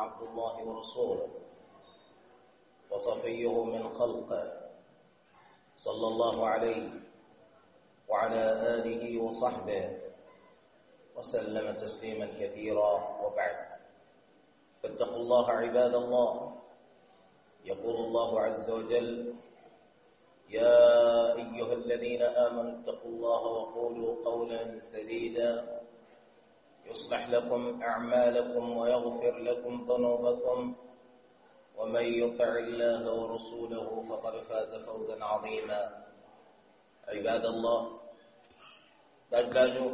عبد الله ورسوله وصفيه من خلقه صلى الله عليه وعلى آله وصحبه وسلم تسليما كثيرا وبعد فاتقوا الله عباد الله يقول الله عز وجل يا أيها الذين آمنوا اتقوا الله وقولوا قولا سديدا يصلح لكم أعمالكم ويغفر لكم ذنوبكم ومن يطع الله ورسوله فقد فاز فوزا عظيما عباد الله دجاجو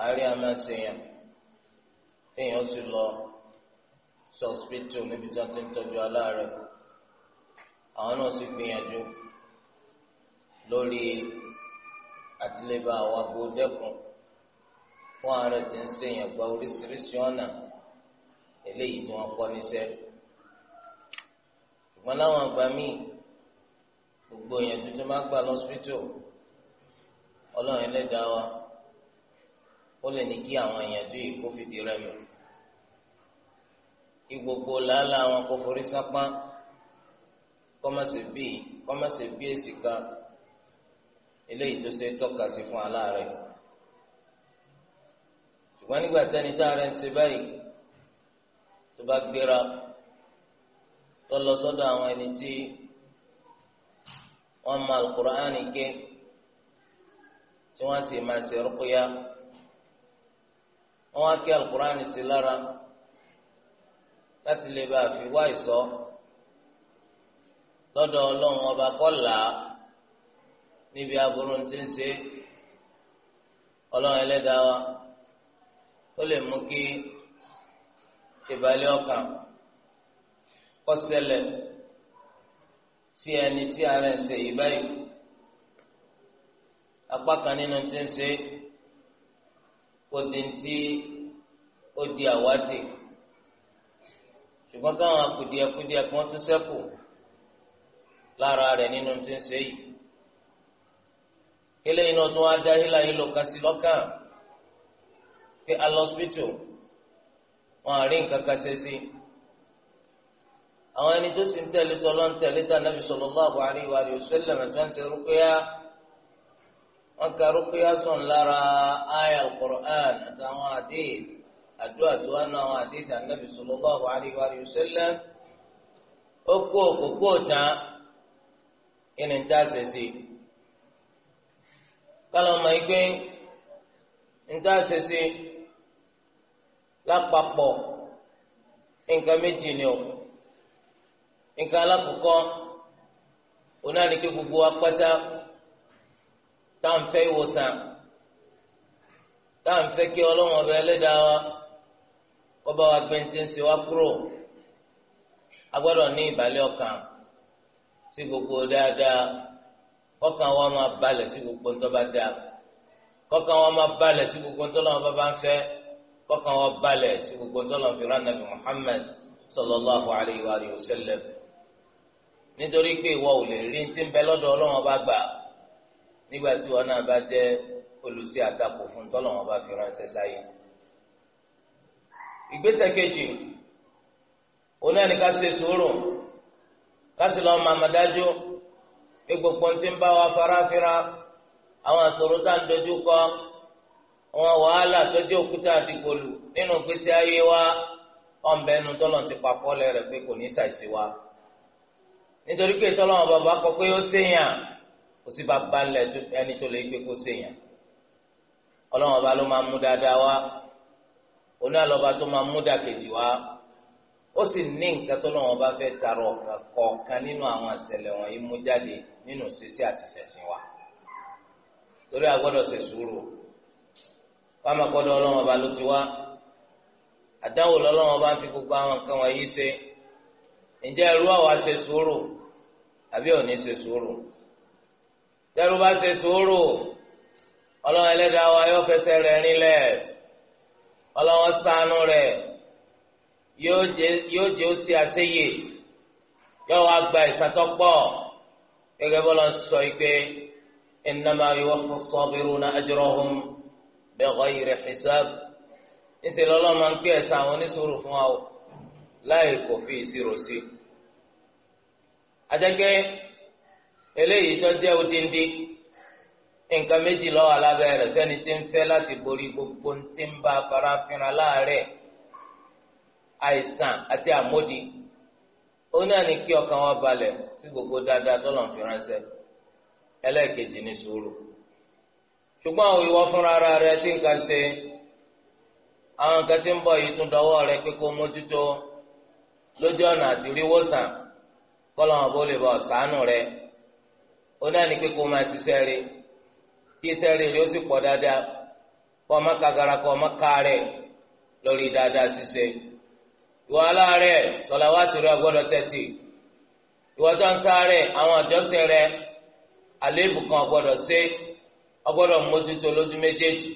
أعلي أما سيئا إن يوصي الله سأصبتوا نبي جاتين تجوى لارك أعنوا سيبني أجو لولي أتلبا وابودكم fún ààrẹ ti ń ṣèyàn gba oríṣiríṣi ọ̀nà eléyìí tí wọ́n kọ́ níṣẹ́ ṣùgbọ́n láwọn àgbà míì gbogbo èèyàn tuntun máa gbà lọ́sípítù ọlọ́run ẹlẹ́dàá wa ó lè ní kí àwọn èèyàn tó yìí kó fìdí rẹmi kí gbogbo làálàá wọn kó forí sápá kọ́mọ̀sì bíi kọ́mọ̀sì bíi èsì kan wọn nígbà tẹni tá a rẹ ń ṣe báyìí tó bá gbéra tó lọ sọ́dọ̀ àwọn ẹni tí wọn mọ alukur'an ké tí wọn sì máa ṣe rúkúyà wọn wá ké alukur'an sí lára láti lè bá a fi wá ìsọ lọ́dọ̀ Ọlọ́run ọba kọlà níbi aburú ti ń ṣe Ọlọ́run Ẹlẹ́dàá wa ó lè mú kí ìbàlẹ̀ ọkàn kó ṣẹlẹ̀ sí ẹni tí ara ń ṣe yìí báyìí apá kan nínú tí ń ṣe kó di ti ó di àwátì ṣùgbọ́n káwọn akùdíẹkùdíẹ kan tún ṣẹ́kù lára rẹ̀ nínú tí ń ṣe yìí kílẹ̀ iná tún wá dá hílàhílò kan sí lọ́kàn pé alọ́sibítù wọn àrí nǹkan kan ṣe sí àwọn ẹni tó sì ń tẹ̀lé tọ́lọ́ ń tẹ̀lé tá nàbì sallallahu alaihi wa sallam tó ń ṣe rúkúyà wọn ka rúkúyà sùn lára àyà al-Qur'an àtàwọn àdéhìí àdúrà tó wà náà àwọn àdéhìí tá nàbì sallallahu alaihi wa sallam ó kó òkókó tán kí ni ń ṣe sí kálọ̀ mọ̀ ẹgbẹ́ ń dá ṣe sí lápapọ̀ nǹkan méjì ni o nǹkan alákòókò onáníkè gbogbo apáta tá à ń fẹ́ ìwòsàn tá à ń fẹ́ kí ọlọ́wọ́n ọbẹ̀ ẹlẹ́dàá wa ọba wa gbẹ̀ntì ń ṣe wá kúrò a gbọ́dọ̀ ní ìbàlẹ̀ ọkàn sí gbogbo dáadáa kọ́kàn wa máa balẹ̀ sí gbogbo ntọ́ dáa kọ́kàn wa máa balẹ̀ sí gbogbo ntọ́ bá ń fẹ́ kọ́kàn wọn balẹ̀ sí gbogbo tọ́lọ̀ fi rán nàbì Muhammad sallallahu alayhi wa alihi wa sallam nítorí pé ìwọ ò lè rí ti ń bẹ lọ́dọ̀ Ọlọ́run bá gbà nígbà tí wọn náà bá jẹ́ olùsí àtakò fún tọ́lọ̀ bá fi ránṣẹ́ sáyé. ìgbésẹ̀ kejì òun náà ní ká ṣe sùúrù ká sì lọ́ọ́ máa máa dájú pé gbogbo ti ń bá wa fara àwọn àṣòro tá à ń dojú kọ́. àwọn wàhálà tó jẹ òkúta àdìgbòlù nínú gbèsè ayé wa ọ̀nbẹ́nu tọlọ ti pàkọ́lẹ̀ rẹ̀ pé kò ní ṣàìsí wa nítorí pé tọ́lọ́wọ́n bàbá kọ pé ó séyàn kò sí bàbá ẹni tó lè gbé kó séyàn ọlọ́wọ́n bá ló máa mú dáadáa wá oní àlọ́ba tó máa mú dàkejì wá ó wa torí wàá máa kọ́ dọ́ ọlọ́wọ́n ọba ló ti wá àdáwò lọ́lọ́wọ́n ọba ń fi gbogbo àwọn nǹkan wọ̀nyí ṣe ṣe sùúrù àbí òní ṣe sùúrù tẹ́rú bá ṣe sùúrù ọlọ́wọ́n ẹlẹ́dàá wa yóò fẹsẹ̀ rẹ̀ rinlẹ̀ ọlọ́wọ́n ṣàánú rẹ̀ yóò jẹ́ ó ṣe àṣeyè yóò wá gba ìsàtọ́pọ̀ gẹ́gẹ́ bọ́lá ń sọ yìí pé innama yuwaffa bighayri hisab níṣẹ́ lọ́lọ́ máa ń pé ẹ̀san àwọn oníṣòro fún wa o láì kò fi ìṣirò sí i. ajẹ́gẹ́ eléyìí tó jẹ́ odindi nǹkan méjì ló wà lábẹ́ rẹ̀ fẹ́ni tí ń fẹ́ láti borí gbogbo tí ń bá farafinra láàárẹ̀ àìsàn àti àmódi ó náà ní kí ọkàn wa balẹ̀ sí gbogbo dáadáa tó lọ́n fi ránṣẹ́ ẹlẹ́ẹ̀kejì ní sùúrù. ṣùgbọ́n àwọn ìwọ fúnra ara rẹ tí nǹkan ṣe àwọn nǹkan tí ń bọ̀ yìí tún dọwọ́ rẹ pé mójútó lójú ọ̀nà àti ríwòsàn kọ́lọ́mọ̀ bó lè bọ̀ sànù rẹ ó náà ní pé máa ṣiṣẹ́ rẹ kí iṣẹ́ rẹ rẹ ó sì pọ̀ dáadáa kọ́ ọmọ kagara kọ́ ọmọ kárẹ̀ lórí dáadáa ṣiṣẹ́ ìwọ aláàárẹ̀ tẹ́tì ìwọ tó ń sáré àwọn àjọṣe rẹ àléébù kan ṣe é. ọgbọdọ mójútó lójú méjèèjì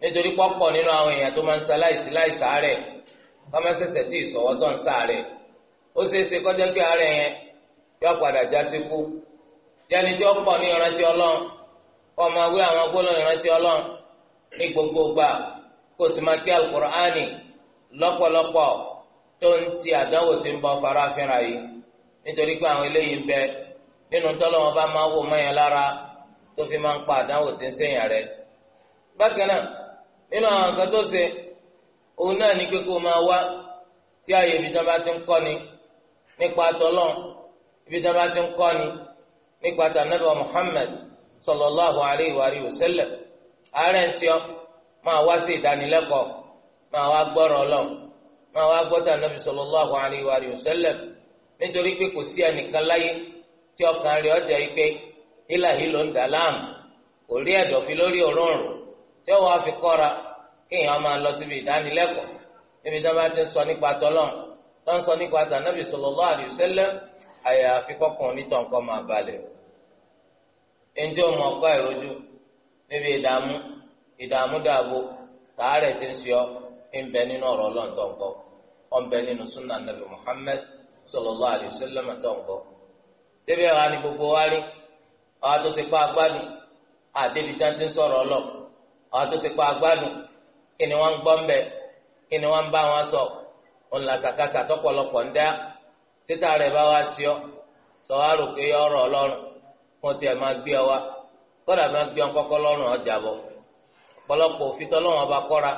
nítorí pọpọ nínú àwọn èèyàn tó máa ń ṣaláìsí láìsàárẹ̀ kọ́mẹ́sẹ̀sẹ̀ tí ìsọ̀wọ́ tó ń sàárẹ̀ ó ṣeé ṣe kọjá pé àárẹ̀ yẹn yóò padà já síkú jẹ́ni tí ó pọ̀ ní ìrántí máa wí àwọn ìrántí ní sì máa kí alukur'ani tó ń ti àdánwò tí ń yìí nítorí pé àwọn eléyìí ń bẹ tó fi máa ń pa àdánwò tí ń sẹ́yìn rẹ̀. bákan náà nínú àwọn nǹkan tó ṣe òun náà ní pé kó máa wá tí ààyè ibi tán bá ti ń kọ́ ni nípa tọ́lọ́ ibi tán bá ti ń kọ́ ni nípa tànàbà Muhammad sallallahu alayhi wa ààrẹ máa wá sí ìdánilẹ́kọ̀ọ́ máa wá gbọ́rọ̀ máa wá gbọ́ tànàbì nítorí pé kò sí ẹnìkan láyé tí ọkàn rẹ̀ hílàhí ló ń dà láàmú kò ẹ̀dọ̀ fi lórí òróǹro tí ó wàá fi kọ́ra kéèyàn máa lọ síbi ìdánilẹ́kọ̀ọ́ níbi tí wọ́n bá ti ń sọ nípa tọ́lọ́n tó ń sọ nípa tànàbì sallallahu alaihi wasallam àyàfi kọ́kàn onítàn máa balẹ̀ ẹnjẹ́ ọmọ ọkọ ìrojú níbi ìdààmú ìdààmú dààbò tààrẹ̀ ti ń sọ ń bẹ nínú ọ̀rọ̀ nabi muhammed gbogbo àwọn tó ṣe pa agbádùn àdébi tí wọ́n ti ń sọ̀rọ̀ ọlọ àwọn tó ṣe pa agbádùn kí ni wọ́n ń gbọ́ mbẹ kí ni wọ́n ń bá wọn sọ òun làṣàkáṣà tọ́pọ̀lọpọ̀ ń dá títà rẹ̀ bá wá sí ọ sọ wá rò pé ọ̀rọ̀ Ọlọ́run fún tiẹ̀ máa gbé ọ wá kódà máa gbé ọ kọ́kọ́ lọ́rùn ọjà bọ ọ̀pọ̀lọpọ̀ òfin tọlọ́run ọba kọ́ra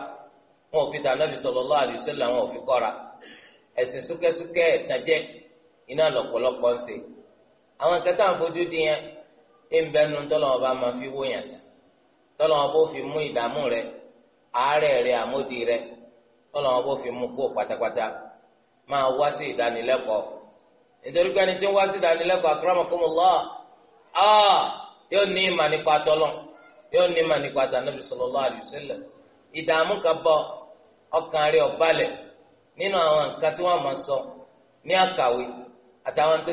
wọn ò fi tànàbì sallallahu alaihi wasallam wọn ò fi kọ́ra ẹ̀sìn súkẹsúkẹ ẹtàjẹ iná lọ́pọ̀lọpọ̀ ń ṣe àwọn kẹta àfojú yẹn ẹnbẹnu tọlọmọ bá máa fi wóyàn tọlọmọ bó fi mú ìdààmú rẹ àárẹ̀ rẹ rẹ tọlọmọ bó fi mú kó pátápátá máa wá sí ìdánilẹ́kọ̀ọ́ nítorí pé ẹni tí ń wá sí ìdánilẹ́kọ̀ọ́ akramakumullah ọ yóò ní ìmà nípa tọlọ yóò ní ìmà nípa tànàbí sallallahu alaihi ìdààmú kan bọ ọkàn rẹ ọbalẹ nínú àwọn nǹkan tí wọn máa sọ ní àkàwé àtàwọn tó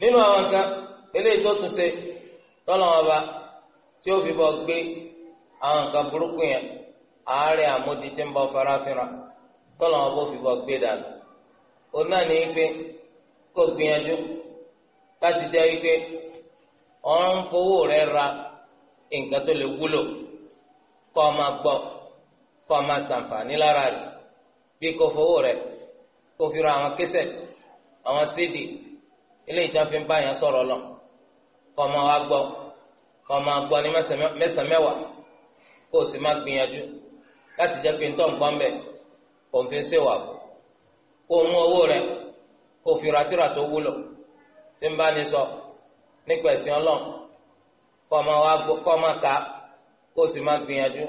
nínú àwọn kan eléyìí tó tún ṣe tọ́lọ́wọ́n ọba tí ó fi bọ́ gbé àwọn nǹkan burúkú yẹn àárẹ̀ àmódi tí ń bọ́ farafinra tọ́lọ́wọ́n bó fi bọ́ gbé dànù òun náà ní pé kó gbìyànjú láti jẹ́ ọ̀n fowó ra nǹkan tó lè wúlò kọ́ ọ máa gbọ́ kọ́ ọ máa lára rẹ̀ bí kò ra àwọn àwọn sídìí. eléyìí tí wọn fi ń bá yẹn sọ̀rọ̀ lọ kọ máa wá gbọ́ kọ máa gbọ́ ní mẹ́sàn mẹ́wàá kó o sì máa gbìyànjú láti jẹ́ pé ntọ́ fi ṣe o mú owó rẹ kó o fi ràtìrà tó wúlò tí ń bá ní sọ nípa ẹ̀sìn ọlọ́run kọ kọ kó o sì gbìyànjú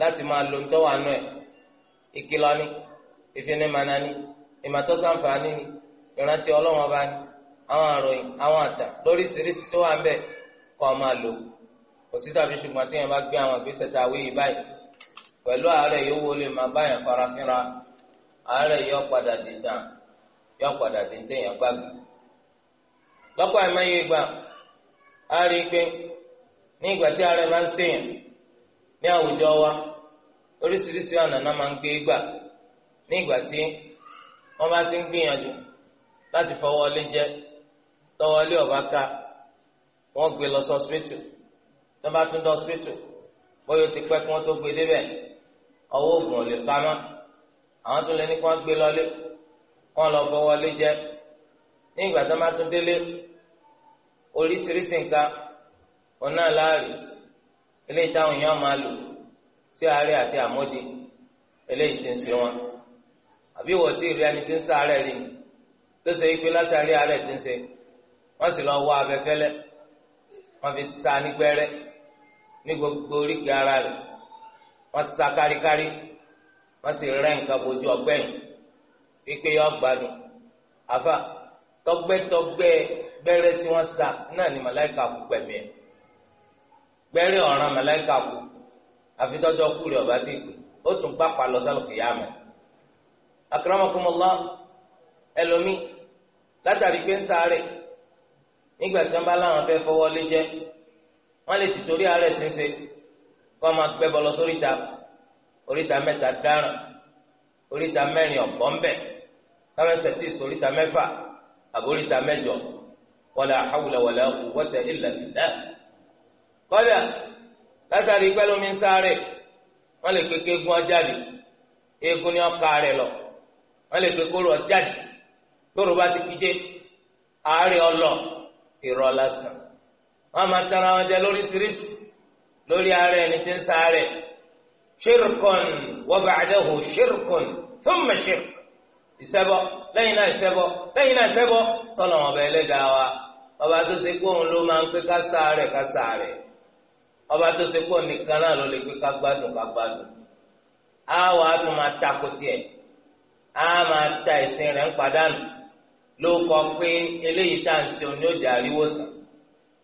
láti máa lo ntọ́ wà nù ẹ̀ ìfinimànà àwọn àròyìn àwọn àtà lóríṣiríṣi tó wà ń bẹ kọ́ máa lò kò sí tàbí ṣùgbọ́n tí yẹn bá gbé àwọn ìgbésẹ̀ tá a wéyìí báyìí pẹ̀lú àárẹ̀ yóò wọlé máa bá yẹn farafinra àárẹ̀ yóò padà dé tán yóò padà dé téèyàn gbàgbé lọ́pọ̀ àìmọye ìgbà a rí i pé ní ìgbà tí àárẹ̀ bá ń ṣèyàn ní àwùjọ wa oríṣiríṣi ọ̀nà náà máa ń gbé gbà ní ìgbà tí wọ́n bá ti ń gbìyànjú láti fọwọ́ lé jẹ́ tọwọ́ ilé ọba ká wọ́n gbé lọ sọ́spítù tó bá tún dọ́spítù bóyá ti pẹ́ kí wọ́n tó gbé débẹ̀ ọwọ́ oògùn ò lè pamọ́ àwọn tún lè ní kí wọ́n gbé lọlé kí wọ́n lọ fọwọ́ lé jẹ́ ní ìgbà tó bá tún délé oríṣiríṣi nǹkan òun láàrí eléyìí táwọn èèyàn máa lò tí àárẹ̀ àti àmódi eléyìí ti ń ṣe wọn àbí wọ́n ti rí ẹni tí ń sáré rí tó ṣe é pé látàrí àárẹ̀ ti ń ṣe é. wọ́n sì lọ wọ abẹ́fẹ́lẹ́ wọ́n fi sa nígbẹ́rẹ́ ní gbogbo oríkèé ara rẹ̀ wọ́n sa káríkárí wọ́n sì rẹ́ nǹkan bójú ọgbẹ́yìn wípé yọ gbádùn àfà tọgbẹ́tọgbẹ́ gbẹ́rẹ́ tí wọ́n sa náà ni màláìka kú pẹ̀mí ẹ̀ gbẹ́rẹ́ ọ̀ràn màláìka kú kú rẹ̀ ọ̀bá ti kú ó tún pa lọ sálùkì yá nígbà tí wọ́n bá láwọn fẹ́ fọwọ́ lé jẹ́ wọ́n lè ti torí àárẹ̀ tí ń ṣe kó máa gbẹ bọ́ lọ sóríta oríta mẹ́ta dáràn oríta mẹ́rin ọ̀bọ̀n bẹ̀ kámẹ́sẹ̀ tí ìsoríta mẹ́fà àbóríta mẹ́jọ wala hawla wala quwwata illa billah kọ́dà látàrí pẹ́lúmi ń sáré wọ́n lè kéke egun ọjáde egun ní ọkà rẹ̀ lọ wọ́n lè kéke oró ọjáde tóru bá ti kíjé àárẹ̀ ọlọ́ọ̀. irọ́ lásán wọ́n wọn jẹ lóríṣiríṣi lórí ara ẹni tí ń ṣírkùn ṣírkùn ìṣẹ́bọ lẹ́yìn náà ìṣẹ́bọ lẹ́yìn náà ìṣẹ́bọ ọ̀bẹ ẹlẹ́dàá wa ọba tó ṣe pé òun ló máa ń pé ká ká ọba tó ṣe ló kọ pé eléyìí tá à ń ṣe òní òjà àríwó sàn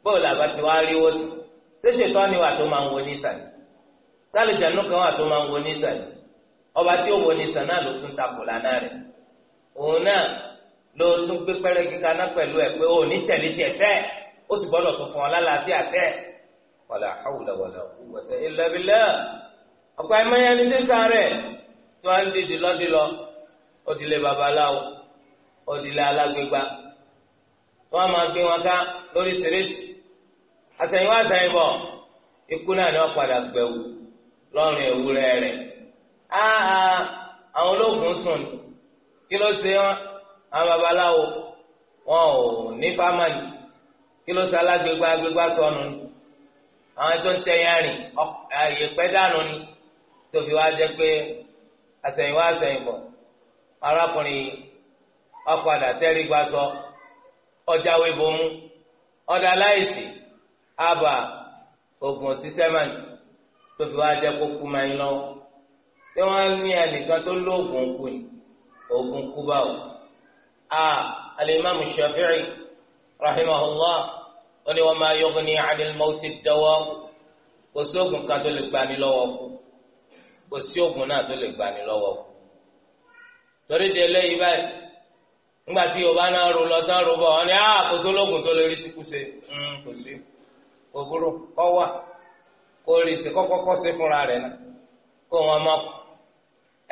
bóò làbá ti wá àríwó sàn ṣéṣe tó ni wà tó máa ń wo ní sàn sálìjà nù kan wà tó máa ń wo ní sàn ọba tí ó wo ní sàn náà ló tún takò lánàá rẹ̀ òun náà ló tún gbé pẹ́rẹ́ kíkà náà pẹ̀lú ẹ̀ pé òun ní tẹ̀lé tiẹ̀ sẹ́ ó sì gbọ́dọ̀ tó fún ọ lálàáfíà sẹ́ wàlà hàwùlà wàlà quwwata ọ̀pọ̀ ẹ̀mọ́ yẹn ní tí wọ́n ń dìdì lọ́dí lọ ó dilé babaláwo ọdìlẹ alágbègbà wọn máa gbé wọn ká lóríṣiríṣi àtẹ̀yìnwá àtẹ̀yìnbọ̀ ikú náà ni wọn padà gbẹ̀wò lọ́rùn ewúrẹ́ rẹ̀ áá àwọn ológun sùn ni kí ló ṣe wọn àwọn babaláwo wọn ò ní fámánì kí ló ṣe alágbègbà agbègbà sọnù ni àwọn tó ń tẹyà rìn àyèpẹ dànù ni tóbi wá jẹ pé àtẹ̀yìnwá àtẹ̀yìnbọ̀ arákùnrin yìí ọ̀padà tẹ́rí gba sọ ọjàwé bomú ọ̀dà láìsí àbà oògùn sísẹ́mà tóbi wá jẹ́ kó kú máa ń lọ tí wọ́n ní ẹnìkan tó lóògùn kù ní oògùn kú báwò. a alimami shafi'i rahimahullah wọ́n ní wa ma yughni 'anil mawti ad kò sí oògùn kan tó lè gbani lọ́wọ́ kú kò sí oògùn náà tó lè gbani lọ́wọ́ kú. torí de eléyìí báyìí nígbà tí yorùbá náà ro lọ́tán ro bọ̀ wọn ni á ah, kò sólógùn tó lè rí tíkú ṣe hmm, kò sí òbúrò kọ́ wà kó rí sí kọ́kọ́kọ́ sí fúnra rẹ̀ náà kó wọn má kú.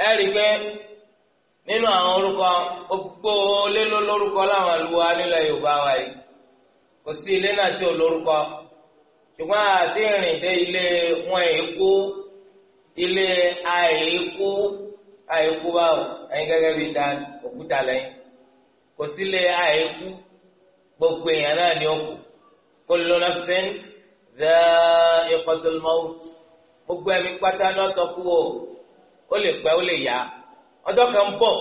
ẹ rí i pé nínú àwọn orúkọ gbogbo ilé lórúkọ láwọn àlùwà nílẹ̀ yorùbá wa yìí kò sí ilé náà tí ò lórúkọ ṣùgbọ́n àti ìrìn dé ilé wọn èkó ilé àìkú àìkú báwo ẹ̀yin gẹ́gẹ́ bíi dání òkúta lẹ́yìn. kò sílé àìkú gbogbo èèyàn náà ni ó kù kullu nafsin dha'iqatul maut gbogbo ẹ̀mí pátá lọ́tọ̀ kú o ó lè pẹ́ ó lè yá ọjọ́ kan bọ̀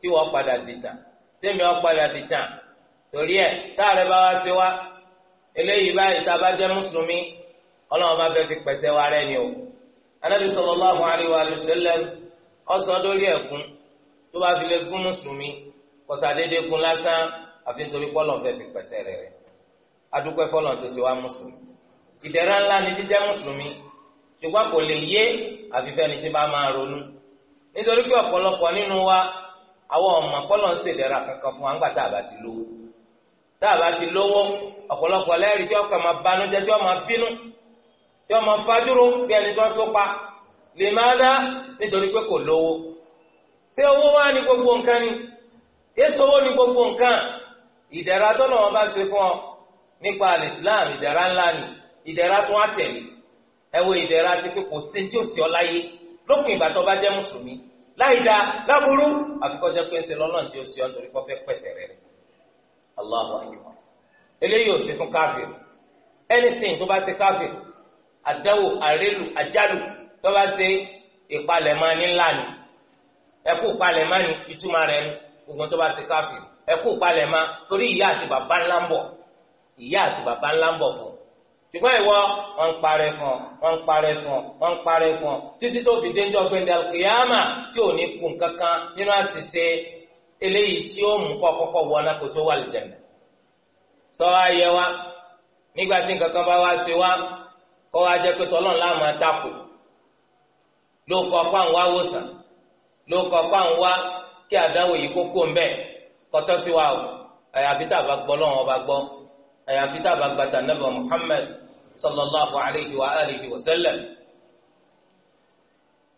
tí wọ́n padà dìtà tèmi wọ́n padà dìtà torí bá wá sí wa eléyìí báyìí tá a bá jẹ́ mùsùlùmí ọlọ́run bá fẹ́ fi wa ni o anábì sallallahu alaihi wa sallam ọ̀sán lórí ẹ̀kún tó bá fi lè gún kọsàdédé gun lásán àfi nítorí pọ́lọ̀ fẹ́ fi pẹ̀sẹ̀ rẹ̀ rẹ̀ adúpẹ́ fọ́lọ̀ tó ṣe wá mùsùlùmí ìdẹ̀ra ńlá ni jíjẹ́ mùsùlùmí ṣùgbọ́n kò lè yé àfifẹ́ni tí bá máa ronú nítorí pé ọ̀pọ̀lọpọ̀ nínú wa àwọn ọmọ pọ́lọ̀ ń ṣèdẹ̀ra kankan fún wa ńgbà tá a bá ti lówó tá a bá ti lówó ọ̀pọ̀lọpọ̀ lẹ́rìí tí ọkàn máa banújẹ́ tí wọ́n máa bínú tí wọ́n máa fajúro bí ẹni tó ń sópa lè máa dá nítorí pé kò lówó ṣé owó wá ní gbogbo nǹkan ni èso owó ni gbogbo nǹkan ìdẹ̀ra tọ́lọ̀ wọn bá ṣe fún ọ nípa alìsílám ìdẹ̀ra ńlá ni ìdẹ̀ra tó wá tẹ̀lé ẹ wo ìdẹ̀ra ti pé kò sí tí ò sí ọ láyé lópin ìgbà tó bá jẹ́ mùsùlùmí láì dáa láburú àfikọ́jẹ́ pé ń ṣe lọ́nà tí ó sí ọ nítorí kọ́ pẹ̀sẹ̀ rẹ̀ rẹ̀ Allahu eléyìí ò ṣe fún káfíìn anything tó bá ṣe káfíìn àdánwò àrélù àjálù tó bá ṣe ìpalẹ̀mọ́ ní ńlá ni ẹ̀kú ìpalẹ̀mọ́ ni ìtumọ̀ gbogbo tó bá ti káfí ẹ kú palẹ̀ ma torí ìyá àti bàbá ńlá ń bọ̀ ìyá àti bàbá ńlá ń bọ̀ fún ṣùgbọ́n ìwọ wọn ń parẹ́ fún ọ wọn ń parẹ́ fún ọ wọn ń parẹ́ fún ọ títí tó fi dénjọ́ gbẹ̀ndẹ̀ kìyàmà tí ò ní kun kankan nínú àṣìṣe eléyìí tí ó mú kọ́ kọ́kọ́ wọ ọ́nà tó wà lìjẹ̀nà sọ ayẹ wa nígbà tí nǹkan kan bá wá ṣe wa kọ́ wa jẹ́ pé tọ́lọ́n láàmú àtàkù ló kọ́ pa wá wòsàn ló kọ́ pa wá kí àdáwò yìí kó kó mbẹ kọtọ sí wa o àyàfi tá a bá gbọ́ lọ́wọ́ ọba gbọ́ àyàfi tá a bá gbàtà nàbà Muhammad sallallahu alayhi wa alihi wa sallam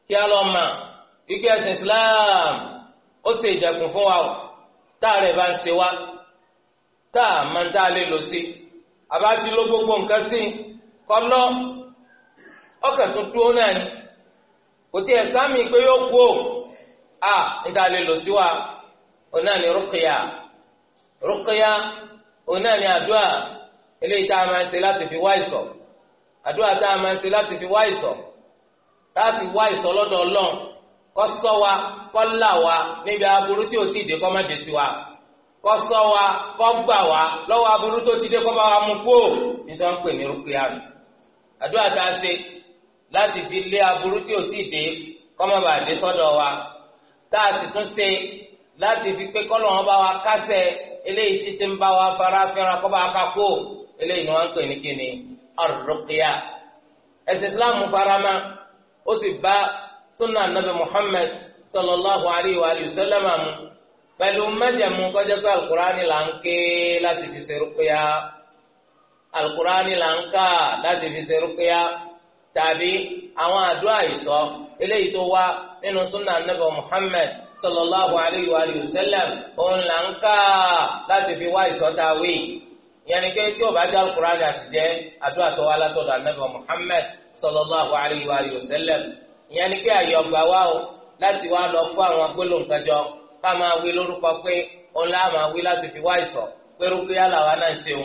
kí a lọ mà ike ẹsìn Islam ó ṣe ìjẹkùn fún wa o tá a rẹ bá ń ṣe wa tá a máa ń tá a lè lò sí àbá ló gbogbo nǹkan sí kọlọ ọkàn tó náà ni kò tí ẹ sáàmì pé yóò kú o a níta lè lò sí wa òun náà ni rúkìá rúkìá òun náà ni àdúrà eléyìí tá a máa ń ṣe láti fi wá ìsọ̀ àdúrà tá a máa ń ṣe láti fi wá ìsọ̀ láti wá ìsọ̀ lọ́dọ̀ Ọlọ́run kó ṣọ́ wa kó là wa níbi aburú tí ò tí ì dé kó má wa kó wa kó wa lọ́wọ́ aburú tó ti dé kó wa mú kú ò nítorí pè ní rúkìá nù àdúrà tá a ṣe fi lé aburú tí ò tí ì dé kó má bàa dé sọ́dọ̀ tá a se tún ṣe láti fi pé kọ́lọ̀ wọn bá wa kásẹ̀ eléyìí títí ń bá wa fara fẹ́ra kọ́ bá wa ká kó eléyìí ni wọ́n ń pè ní kíni ar ẹ̀sìn islam farama ó sì bá sunna anabi muhammad sallallahu alayhi wa sallam mu pẹ̀lú mẹ́jẹ̀mú kọjá pé alukurani là ń ké láti fi ṣe ruqya alukurani là ń ká láti fi ṣe ruqya tàbí. àwọn àdúrà ìsọ eléyìí tó wá nínú súnà nàbẹ Muhammad sallallahu alayhi wa sallam òun là ń fi wá ìsọta wí ìyẹn pé tí o bá jẹ́ alukur'an àti jẹ́ àdúrà tó wá látọ̀dọ̀ nàbẹ Muhammad sallallahu alayhi wa sallam pé o láti wá lọ kó àwọn ká fi wá ìsọ pé náà ń ṣeun.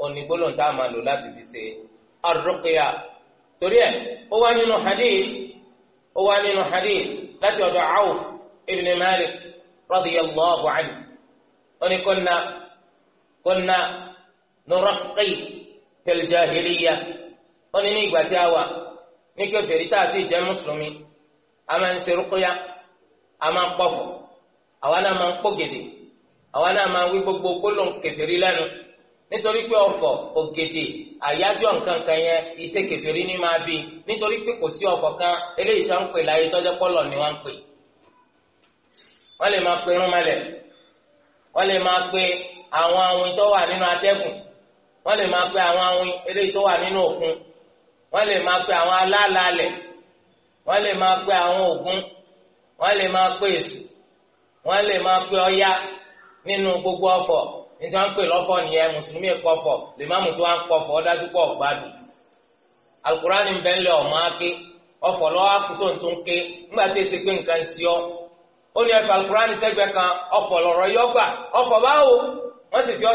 òní gbólóhùn tá a máa lò láti fi ṣe arúgbìyà torí ẹ ó wá nínú hadith ó wá nínú hadith láti ọ̀dọ̀ Awf ibn Malik radiyallahu anhu òní kunna kunna nuraqi fil jahiliya òní ní ìgbà tí a wà ní kí o fèrè tá a ti jẹ́ mùsùlùmí a máa ń ṣe rúkúyà a máa ń pọ̀fọ̀ àwa náà máa ń pọ̀ gèdè àwa náà máa ń wí gbogbo gbólóhùn kèfèrí lẹ́nu. nítorí pé ọ̀fọ̀ ògèdè àyájọ́ nǹkankan yẹn iṣẹ́ kẹfìrí ni máa bí nítorí pé kò sí ọ̀fọ̀ kan eléyìí tó ń pè láyé tọ́jọ́ ni wọ́n ń pè wọ́n lè máa pe irúnmọlẹ̀ wọ́n lè máa pe àwọn awin tó wà nínú atẹ́gùn wọ́n lè máa pe àwọn awin eléyìí tó wà nínú òkun wọ́n lè máa pe àwọn alálàálẹ̀ wọ́n lè máa pe àwọn ògún wọ́n lè máa pe esu. wọ́n lè máa pe oya nínú gbogbo ọfọ. níta ń pè lọ́fọ̀ nìyẹn mùsùlùmí kọfọ̀ lèmọ́mù tí wọ́n ń kọfọ̀ ọ́ dájú pọ̀ gbádùn alukurani bẹ́ńlẹ̀ ọ̀mọ́ ake ọ̀fọ̀ lọ́wọ́ akutó ń tún ké ńgbà tí èsì pé nǹkan sí ọ ó ní ẹ̀fọ́ alukurani sẹ́gbẹ̀ẹ́ kan ọ̀fọ̀ lọ̀rọ̀ yọgbà ọ̀fọ̀ báwo wọ́n sì fi ọ́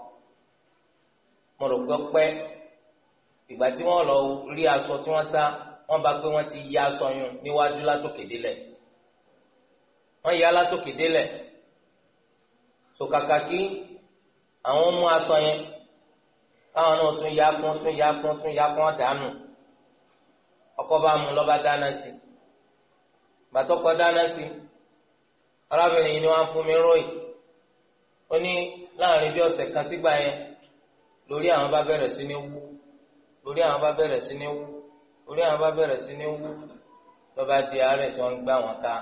mo rò pé pẹ́ ìgbà tí wọ́n lọ rí aṣọ tí wọ́n sá wọ́n bá pé wọ́n ti ya aṣọ yun níwájú látòkè délẹ̀ wọ́n ya látòkè délẹ̀ sòkàkà kí àwọn mú aṣọ yẹn káwọn náà tún ya kún tún ya kún tún ya kún dànù ọkọ bá mú lọ́ba dáná sí bàtọ́kọ dáná sí arábìnrin yìí ni wọ́n á fún mi róyìn ó ní láàrin bí ọ̀sẹ̀ kan sígbà yẹn lórí àwọn bá bẹ̀rẹ̀ sí ní wú lórí àwọn bá bẹ̀rẹ̀ sí ní wú lórí àwọn bá bẹ̀rẹ̀ sí ní wú lọ́ba di àárẹ̀ tí wọ́n ń gbá wọn ká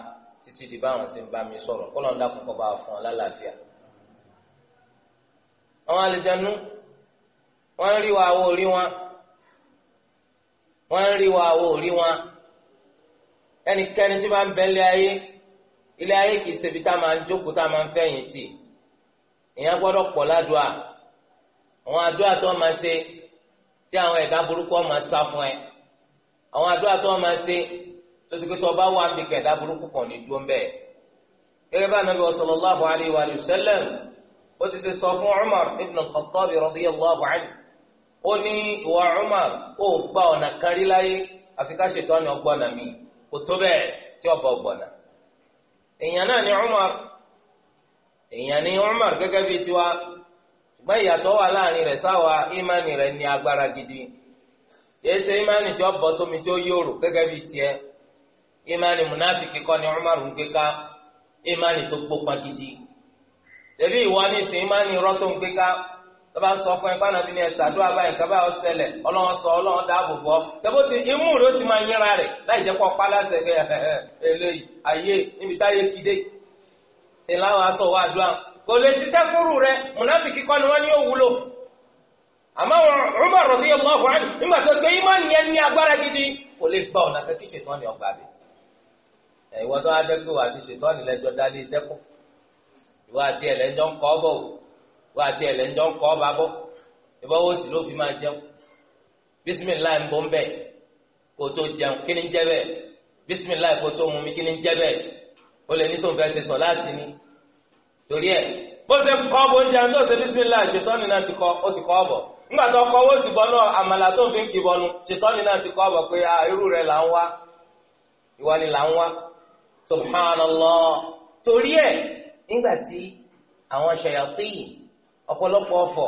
títí di báwọn sì ń bá mi sọ̀rọ̀ kọ́lọ̀ ńlá kọ́kọ́ bá fún ọ lálàáfíà. àwọn àlejànú wọ́n ń rí wa àwọ̀ orí wọn wọ́n ń rí wa àwọ̀ orí wọn ẹnikẹ́ni tí bá ń bẹ ilé ayé ilé ayé kì í tá a máa ń jókòó tá a máa ń fẹ̀yìntì ìyẹn gbọ́dọ̀ pọ̀ ládùá àwọn àdúrà tó máa ṣe tí àwọn ẹ̀dá burúkú máa sá fún ẹ àwọn àdúrà tó máa ṣe tó sì pé tó bá wà burúkú kan ní dúró bẹ́ẹ̀. gẹ́gẹ́ bá alayhi wa sallam ó ti ṣe sọ fún Umar ibn ó ní ìwà Umar ó gba ọ̀nà kan rí láyé àfi ká ṣètò ọ̀nà ọgbọ́nà mi kò tó bẹ́ẹ̀ tí ọba ọgbọ́nà. èèyàn ni Umar èèyàn Umar gẹ́gẹ́ bíi ṣùgbọ́n ìyàtọ̀ wà láàrin rẹ̀ sáwa ìmánì rẹ̀ ní agbára gidi kìí ìmánì tí ó bụ sómi tí ó yòrò bíi ìmánì ìmánì tó gbópa gidi ìwọ ìmánì ń sọ fún ẹ pàánà bí ní ẹsẹ̀ àdúrà báyìí nǹkan báyọ̀ ṣẹlẹ̀ ọlọ́wọ́n sọ ọlọ́wọ́n dáàbò bọ́ tẹ̀bó ti imú rẹ̀ ó ti máa yínra rẹ̀ láì jẹ́ eléyìí ayé níbi táyé ìlànà aṣọ wa kò lè ṣiṣẹ́ fúrú rẹ mùnáfìkì kọ́ ni wọ́n ní ó wúlò àmọ́ Umar radiyallahu anhu nígbà tó gbé ìmánì yẹn ní agbára gidi kò lè gba ọ̀nà kẹ́kí ṣètọ́ ni ọgbà bẹ̀ ìwọ tó wá àti ṣètọ́ ni lẹ́jọ́ dálé àti ń ń kọ́ bọ̀ ń ń torí ẹ bó ṣe kọ́ bó ń jẹun tó ṣe bísímìlá ṣètọ́ni náà ti ó ti ọ̀bọ̀ nígbà tó kọ́ owó ti bọ́nú àmàlà tó fi ti ọ̀bọ̀ pé irú rẹ̀ là ń wá ìwà ni là ń wá subhanallah torí ẹ nígbà tí àwọn ọ̀pọ̀lọpọ̀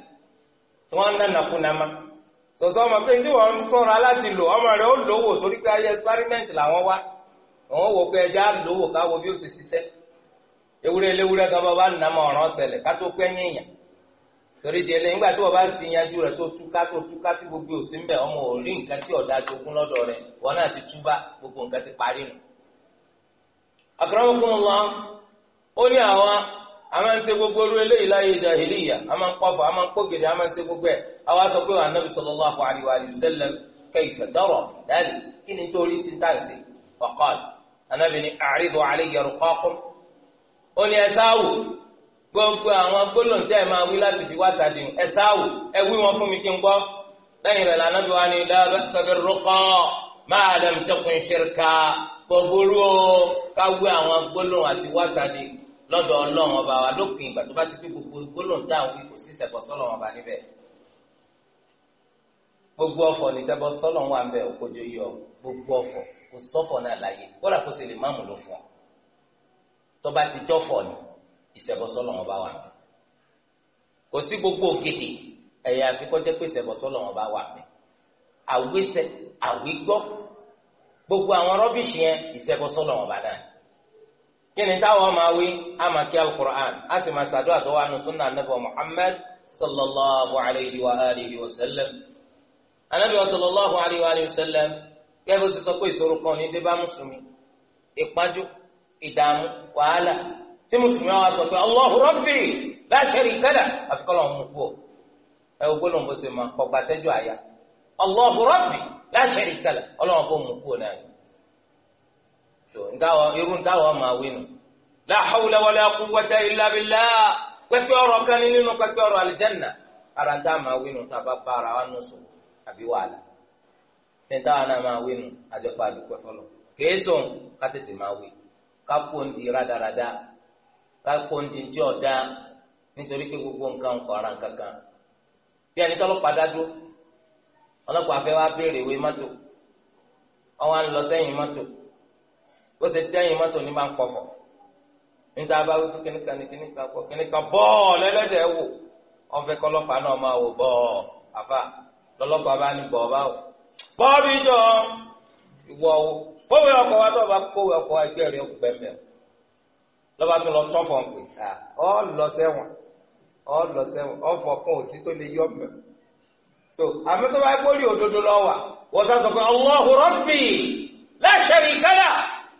wọn na ń nànàkú nàmá sọ̀sọ́ ọmọ pé tí wọ́n sọ̀rọ̀ aláti lò ọmọ rẹ̀ ó lówó torí pé ayé experiment làwọn wá àwọn wò pé ẹja lówó káwo bí ó ṣe ṣiṣẹ́ ewúrẹ́ eléwúrẹ́ kan bá wà nàmọ̀ ọ̀ràn ṣẹlẹ̀ ká tó pẹ́ yẹ̀yàn torí di ẹlẹ́yìn nígbà tí wọ́n bá sì yanjú rẹ̀ tó túká tó túká tí gbogbo òsì ń ọmọ ò rí nǹkan tí ọ̀dà ti túbá gbogbo nǹkan ti parí nù. ó a máa ń ṣe gbogbo orú eléyìí láyé jahiliya a máa ń pọ̀fọ̀ a máa ń pọ̀gẹ̀dẹ̀ a máa ń ṣe gbogbo ẹ̀ àwa sọ pé anabi sallallahu alayhi wa sallam kayfa tara dálì kí ni torí sí tàǹsì faqal anabi ni a'ridu alayya ruqaqum ó ní ẹ̀sáwù gbogbo àwọn gbólóńtẹ́ ẹ̀ máa wí láti fi wá sàdìn ẹ̀sáwù ẹ wí wọn fún mi kí n gbọ́ lẹ́yìn rẹ̀ lànà bí wà ní la ba'sa bir-ruqa ma lam takun shirka lọ́dọ̀ ọlọ́run ọba wa lópin ìgbà tó bá ti pé gbogbo gbólóhùn dáhùn wí kò sí ìṣẹ̀bọ sọ́lọ́run ọba níbẹ̀ gbogbo ọ̀fọ̀ ní ìṣẹ̀bọ sọ́lọ́run wà ń bẹ̀ òkojú yọ gbogbo ọ̀fọ̀ kò sọ́fọ̀ náà láàyè kódà kó sì lè má mú lò fún ọ tó bá ti jọ́fọ̀ ní ìṣẹ̀bọ sọ́lọ́run ọba wà ń bẹ̀ kò sí gbogbo ògidì ẹ̀yà àfikọ́jẹ́ pé ìṣẹ̀bọ sọ́lọ́run ọba wà ń bẹ̀ àwíṣẹ àwígbọ́ gbogbo àwọn rọ́bìṣì yẹn ìṣẹ̀bọ sọ́lọ́run ọba náà kíni táwọn máa wí àmà kí alukur'an a sì máa ṣàdúrà tó wà ní sunna anabi muhammad sallallahu alayhi wa alihi wa sallam anabi wa sallallahu alayhi wa alihi wa sallam kẹ́bí ó sì sọ pé ìṣòro kan ní dé bá mùsùlùmí ìpájú ìdààmú wàhálà tí mùsùlùmí wa sọ pé allahu rabbi la sharika àfikọ́lọ́ ọ̀hún kú ọ ẹ o gbọ́dọ̀ bó ṣe máa kọ́ gbàṣẹ́jọ́ àyà allahu rabbi la sharika ọlọ́wọ́n kó mú kú ọ náà tó ntáwọ irú ntáwọ la hawla wala quwwata illa billah pẹpẹ ọ̀rọ̀ kan ní nínú pẹpẹ ọ̀rọ̀ aljanna ara ntá máa wí nù tábà bá ara wa nù sùn àbí wàhálà ní ntáwọ náà máa wí nù àjọpọ̀ àdúgbò fọlọ kèé sùn ndi rádaràda ká ndi n'itori ara wá béèrè ìwé lọ bó ṣe dẹ́yìn mọ́tò ní máa ń pọ̀fọ̀ níta bá wí fún kíníkan ní kíníkan pọ̀ kíníkan bọ́ọ̀lù ẹlẹ́dẹ̀ wò wọ́n fẹ́ kọ́lọ́pàá náà máa wò bọ́ọ̀ àfà lọ́lọ́pàá bá ní bọ́ọ̀ báwò. bọ́ọ̀lù ìjọ ìwọ owó kówé ọkọ̀ wa tó bá kówé ọkọ̀ wa ẹgbẹ́ rẹ̀ ó gbẹ̀mẹ̀ lọ́ba tó lọ tọ́fọ̀ pé ọ lọ sẹ́wọ̀n ọ lọ sẹ́wọ̀n ọ̀fọ̀ kan ò sí tó lè yọ mẹ́. so àmì tó bá gbórí òdodo lọ wà wọ́n sọ pé Allahu Rabbi la sharika lah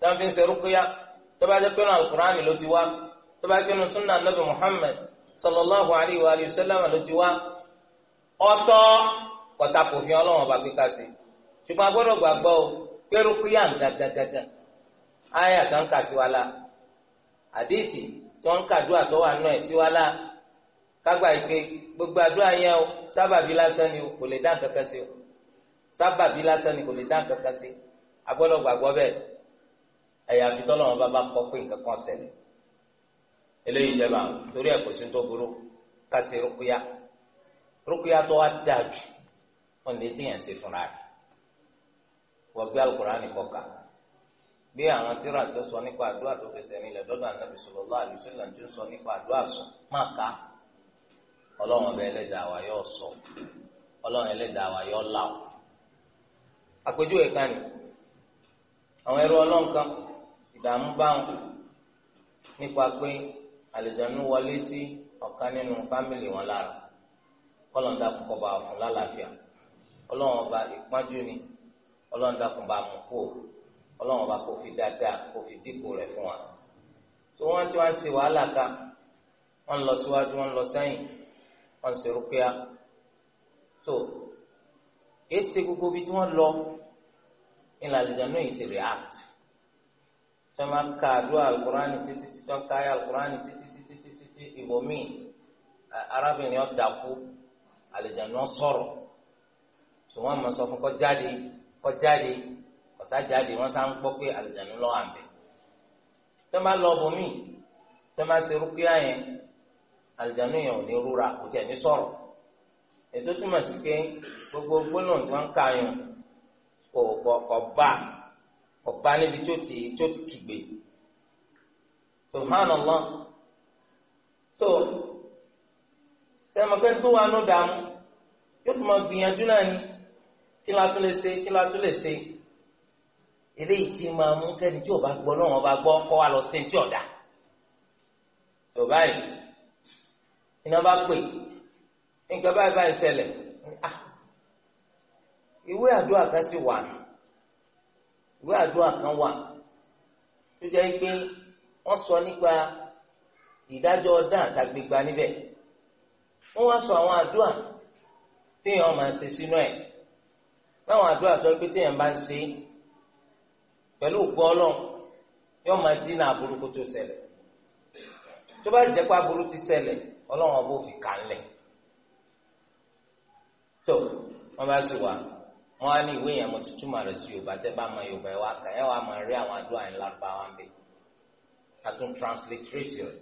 tá n fi ń ṣe rúkúyà tó bá jẹ́ pé nínú alukur'ani ló ti wá tó bá jẹ́ pé nínú sunna anabi muhammed sallallahu alayhi wa sallam ló ti wá ọ̀tọ̀ kọta kò fi Ọlọ́run ọba gbé kásì ṣùgbọ́n a gbọ́dọ̀ gbàgbọ́ o pé rúkúyà ń gàgàgàgà ayé àtànkà sí wa la àdéhìtì tí wọ́n ń kàdúrà tó náà sí kágbà yìí gbogbo àdúrà yẹn o sábàbí lásán ni kò lè dá nǹkan sí o sábàbí lásán ni kò lè dá nǹkan sí a gbàgbọ́ bẹ́ẹ̀. ẹ̀yà àfitọ́ náà bá bá kọ́ pé nǹkan kan ṣẹlẹ̀ eléyìí jẹba torí ẹ̀ kò sí tó burú ká ṣe rúkúyà rúkúyà tó wá dáa jù wọn lè ti yàn fúnra sọ nípa àdúrà tó fẹsẹ̀ nílẹ̀ dọ́dọ̀ ànábì tó sọ nípa àdúrà sọ má ka ọlọ́run ọba ẹlẹ́dàá wa yóò sọ ọlọ́run ẹlẹ́dàá wa yóò là àpèjúwe ní àwọn ẹrú ọlọ́run ìdààmú báwọn nípa pé àlùjánu wọlé sí ọ̀kan nínú fámìlì wọn lára kọlọńdà kọkọ bá fún lálàáfíà ọlọ́run ọba ìpọ́njú ni ọlọ́run dàkún bá mú kó ọlọ́run ọba kò fi dáadáa kò fi dípò rẹ̀ fún wa tó wọ́n ti wọ́n ṣe wàhálà ká wọ́n lọ síwájú wọ́n lọ sẹ́yìn wọ́n ṣe rúkúyà tó èsì gbogbo bí tí wọ́n lọ ní làlùjá yìí ti react tí wọ́n máa ń ka àdúrà alukurani títí títí wọ́n ká ayé alukurani títí títí títí tí ìbòmíì arábìnrin ọ̀dàkú àlejànà sọ̀rọ̀ tí wọ́n máa sọ fún kọjáde kọjáde ọ̀sájáde wọ́n sá ń gbọ́ pé àlejànà lọ́wọ́ àbẹ̀ tí wọ́n bá lọ bòmíì tí wọ́n máa ṣe rúkúyà yẹn àlejànà yẹn ò ní rúra kò tẹ̀ ní sọ̀rọ̀ ètò túmọ̀ sí pé gbogbo gbólóhùn tí wọ́n ń ka yẹn kò bá ọ̀pá níbi tí ó ti tí ó ti kígbe subhanallah so sẹ́mọ̀kẹ́ tó wà ló dààmú yóò tún máa gbìyànjú náà ni kí la tún lè ṣe kí la tún lè ṣe eléyìí tí máa mú kẹ́ni tí ò bá gbọ́ lọ́wọ́ bá gbọ́ kọ́ wa lọ sí ti ọ̀dà tó báyìí iná bá pè nǹkan báyìí báyìí ṣẹlẹ̀ ah, ìwé àdúrà kan sì wà nù ìwé àdúrà kan wà tó jẹ́ pé wọ́n sọ nípa ìdájọ́ ọ̀dàn àtàgbègbà níbẹ̀ wọ́n wá sọ àwọn àdúrà téèyàn máa ṣe sínú ẹ̀ láwọn àdúrà tó pé téèyàn bá ń ṣe pẹ̀lú ògbọ́ ọlọ́run yóò máa dínà aburú kó tó ṣẹlẹ̀ tó bá jẹ́ pé aburú ti ṣẹlẹ̀ ọlọ́run ọba ò fi kà ń lẹ̀ tó wọ́n bá sì wà. wọn á ní ìwé yẹn mo ti túmọ̀ rẹ̀ sí yorùbá tẹ́ bá mọ yorùbá ma wá kà ẹ wá máa rí àwọn àdúrà yẹn lárúbáwá ń bẹ àtún transliterate rẹ̀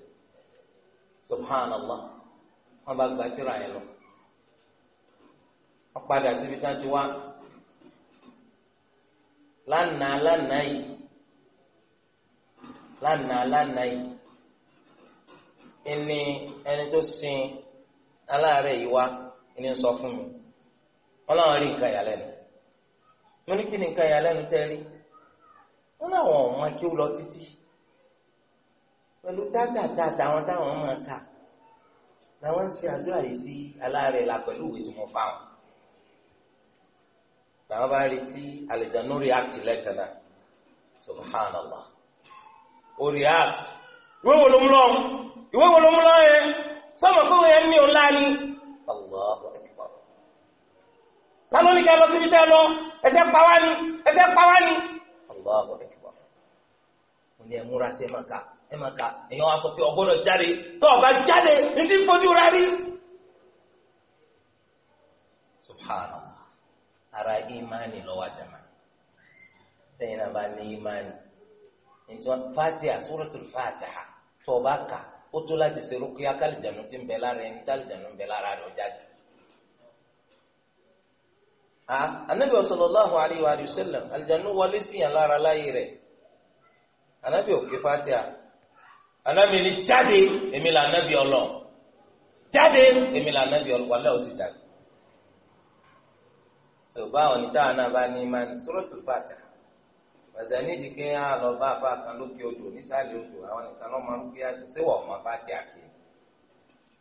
subhanallah wọn bá gba yẹn lọ wọn padà síbi tá ti wá lánàá lánàá yìí lánàá lánàá yìí ẹni ẹni tó sin aláàárẹ̀ yìí wá mo ní kí ni nǹkan ìyàlẹ́nu tẹ́ rí wọn làwọn ọmọ kí ó lọ títí pẹ̀lú dáadáa táwọn táwọn máa kà làwọn ń ṣe àdúrà yìí sí aláàrẹ̀ la pẹ̀lú ìwé tí mo fà wọn làwọn bá rí tí àlejànú react lẹ́ẹ̀kan náà subhanallah ó react ìwé wo ló ń lọ ìwé wo ló ń lọ yẹn sọmọ kó yẹn ní òun láàánú tánú ní kẹ́ lọ síbi tẹ́ lọ ẹsẹ̀ pa wá ní ẹsẹ̀ pa wá ní. Allahu akbar mo ní ẹ múra sí ẹ máa ka ẹ máa ka èèyàn wá sọ pé ọgbọ́dọ̀ jáde tó ọba jáde ní ti fojú ra rí. subhanallah ara ìmánì lọ́wọ́ àjàmá lẹ́yìn náà bá ní ìmánì nítorí fatiha suratul fatiha tó ọba kà ó tó láti ṣe rúkúyà kálíjànú ti ń bẹ lára ẹni anabi sallallahu alayhi wa sallam alijanu wọlé sí yàn lára láyé rẹ̀ anabi òkè fatia anabi ni jáde èmi là anabi ọlọ jáde èmi là anabi ọlọ wàlẹ ó sì jáde tó báwọn ní táwọn náà bá ní imáni suratul Fatiha mazani di pé á lọ bá apá kan lókè odò nísàlẹ̀ odò àwọn nìkan lọ máa ń gbé ọmọ fatia kì í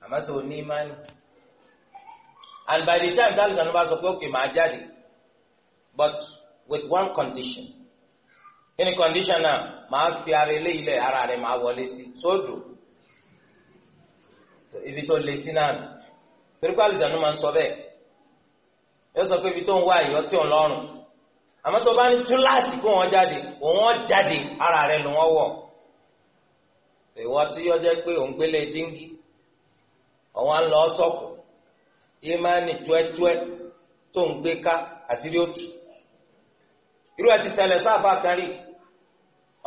àmọ́ sọ ní imáni and by the time that bá sọ pé ok màá jáde but with one condition Any condition náà màá fi ara eléyìí lẹ̀ ara rẹ̀ màá wọlé sí sódò ibi tó lé sí náà torí pé àlùjànnú máa ń sọ bẹ́ẹ̀ yóò sọ pé ibi tó ń wá ìyọ́ tí ò ń lọ́rùn àmọ́ tó bá ní túláàsì kó wọ́n jáde òun jáde ara rẹ̀ ló wọ́n wọ̀ ìwọ tí yọ jẹ́ pé òun gbélé díngí òun á lọ sọ́kù ìmánì tíwẹ́tíwẹ́ tó ń gbé ká àṣírí òtù irú ẹ̀ ti tẹ̀lẹ̀ sáfà kárí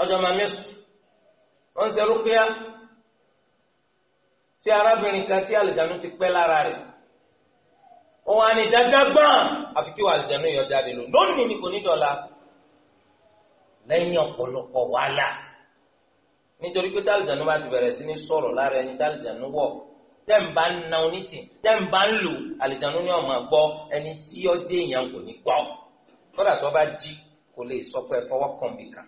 ọjọ́ máa mẹ́sù wọ́n ń ṣe rúkúyà tí arábìnrin kan tí àlìjánu ti pẹ́ lára rẹ̀ òun àní dáadáa gbọ́n àfi kí wọ́n àlìjánu yọ jáde lò lónìí ni kò ní dọ̀la lẹ́yìn ọ̀pọ̀lọpọ̀ wàhálà nítorí pé tálìjánu bá ti bẹ̀rẹ̀ sí ní sọ̀rọ̀ lára ẹni tálìjánu wọ̀ tẹ́ ń bá ń na onítì tẹ́ ń bá ń lò àlìjánu ni ọmọ gbọ́ ẹni tí ó dé èèyàn kò ní gbọ́ kódà tó bá jí kò lè sọ pé fọwọ́ kàn bì kan.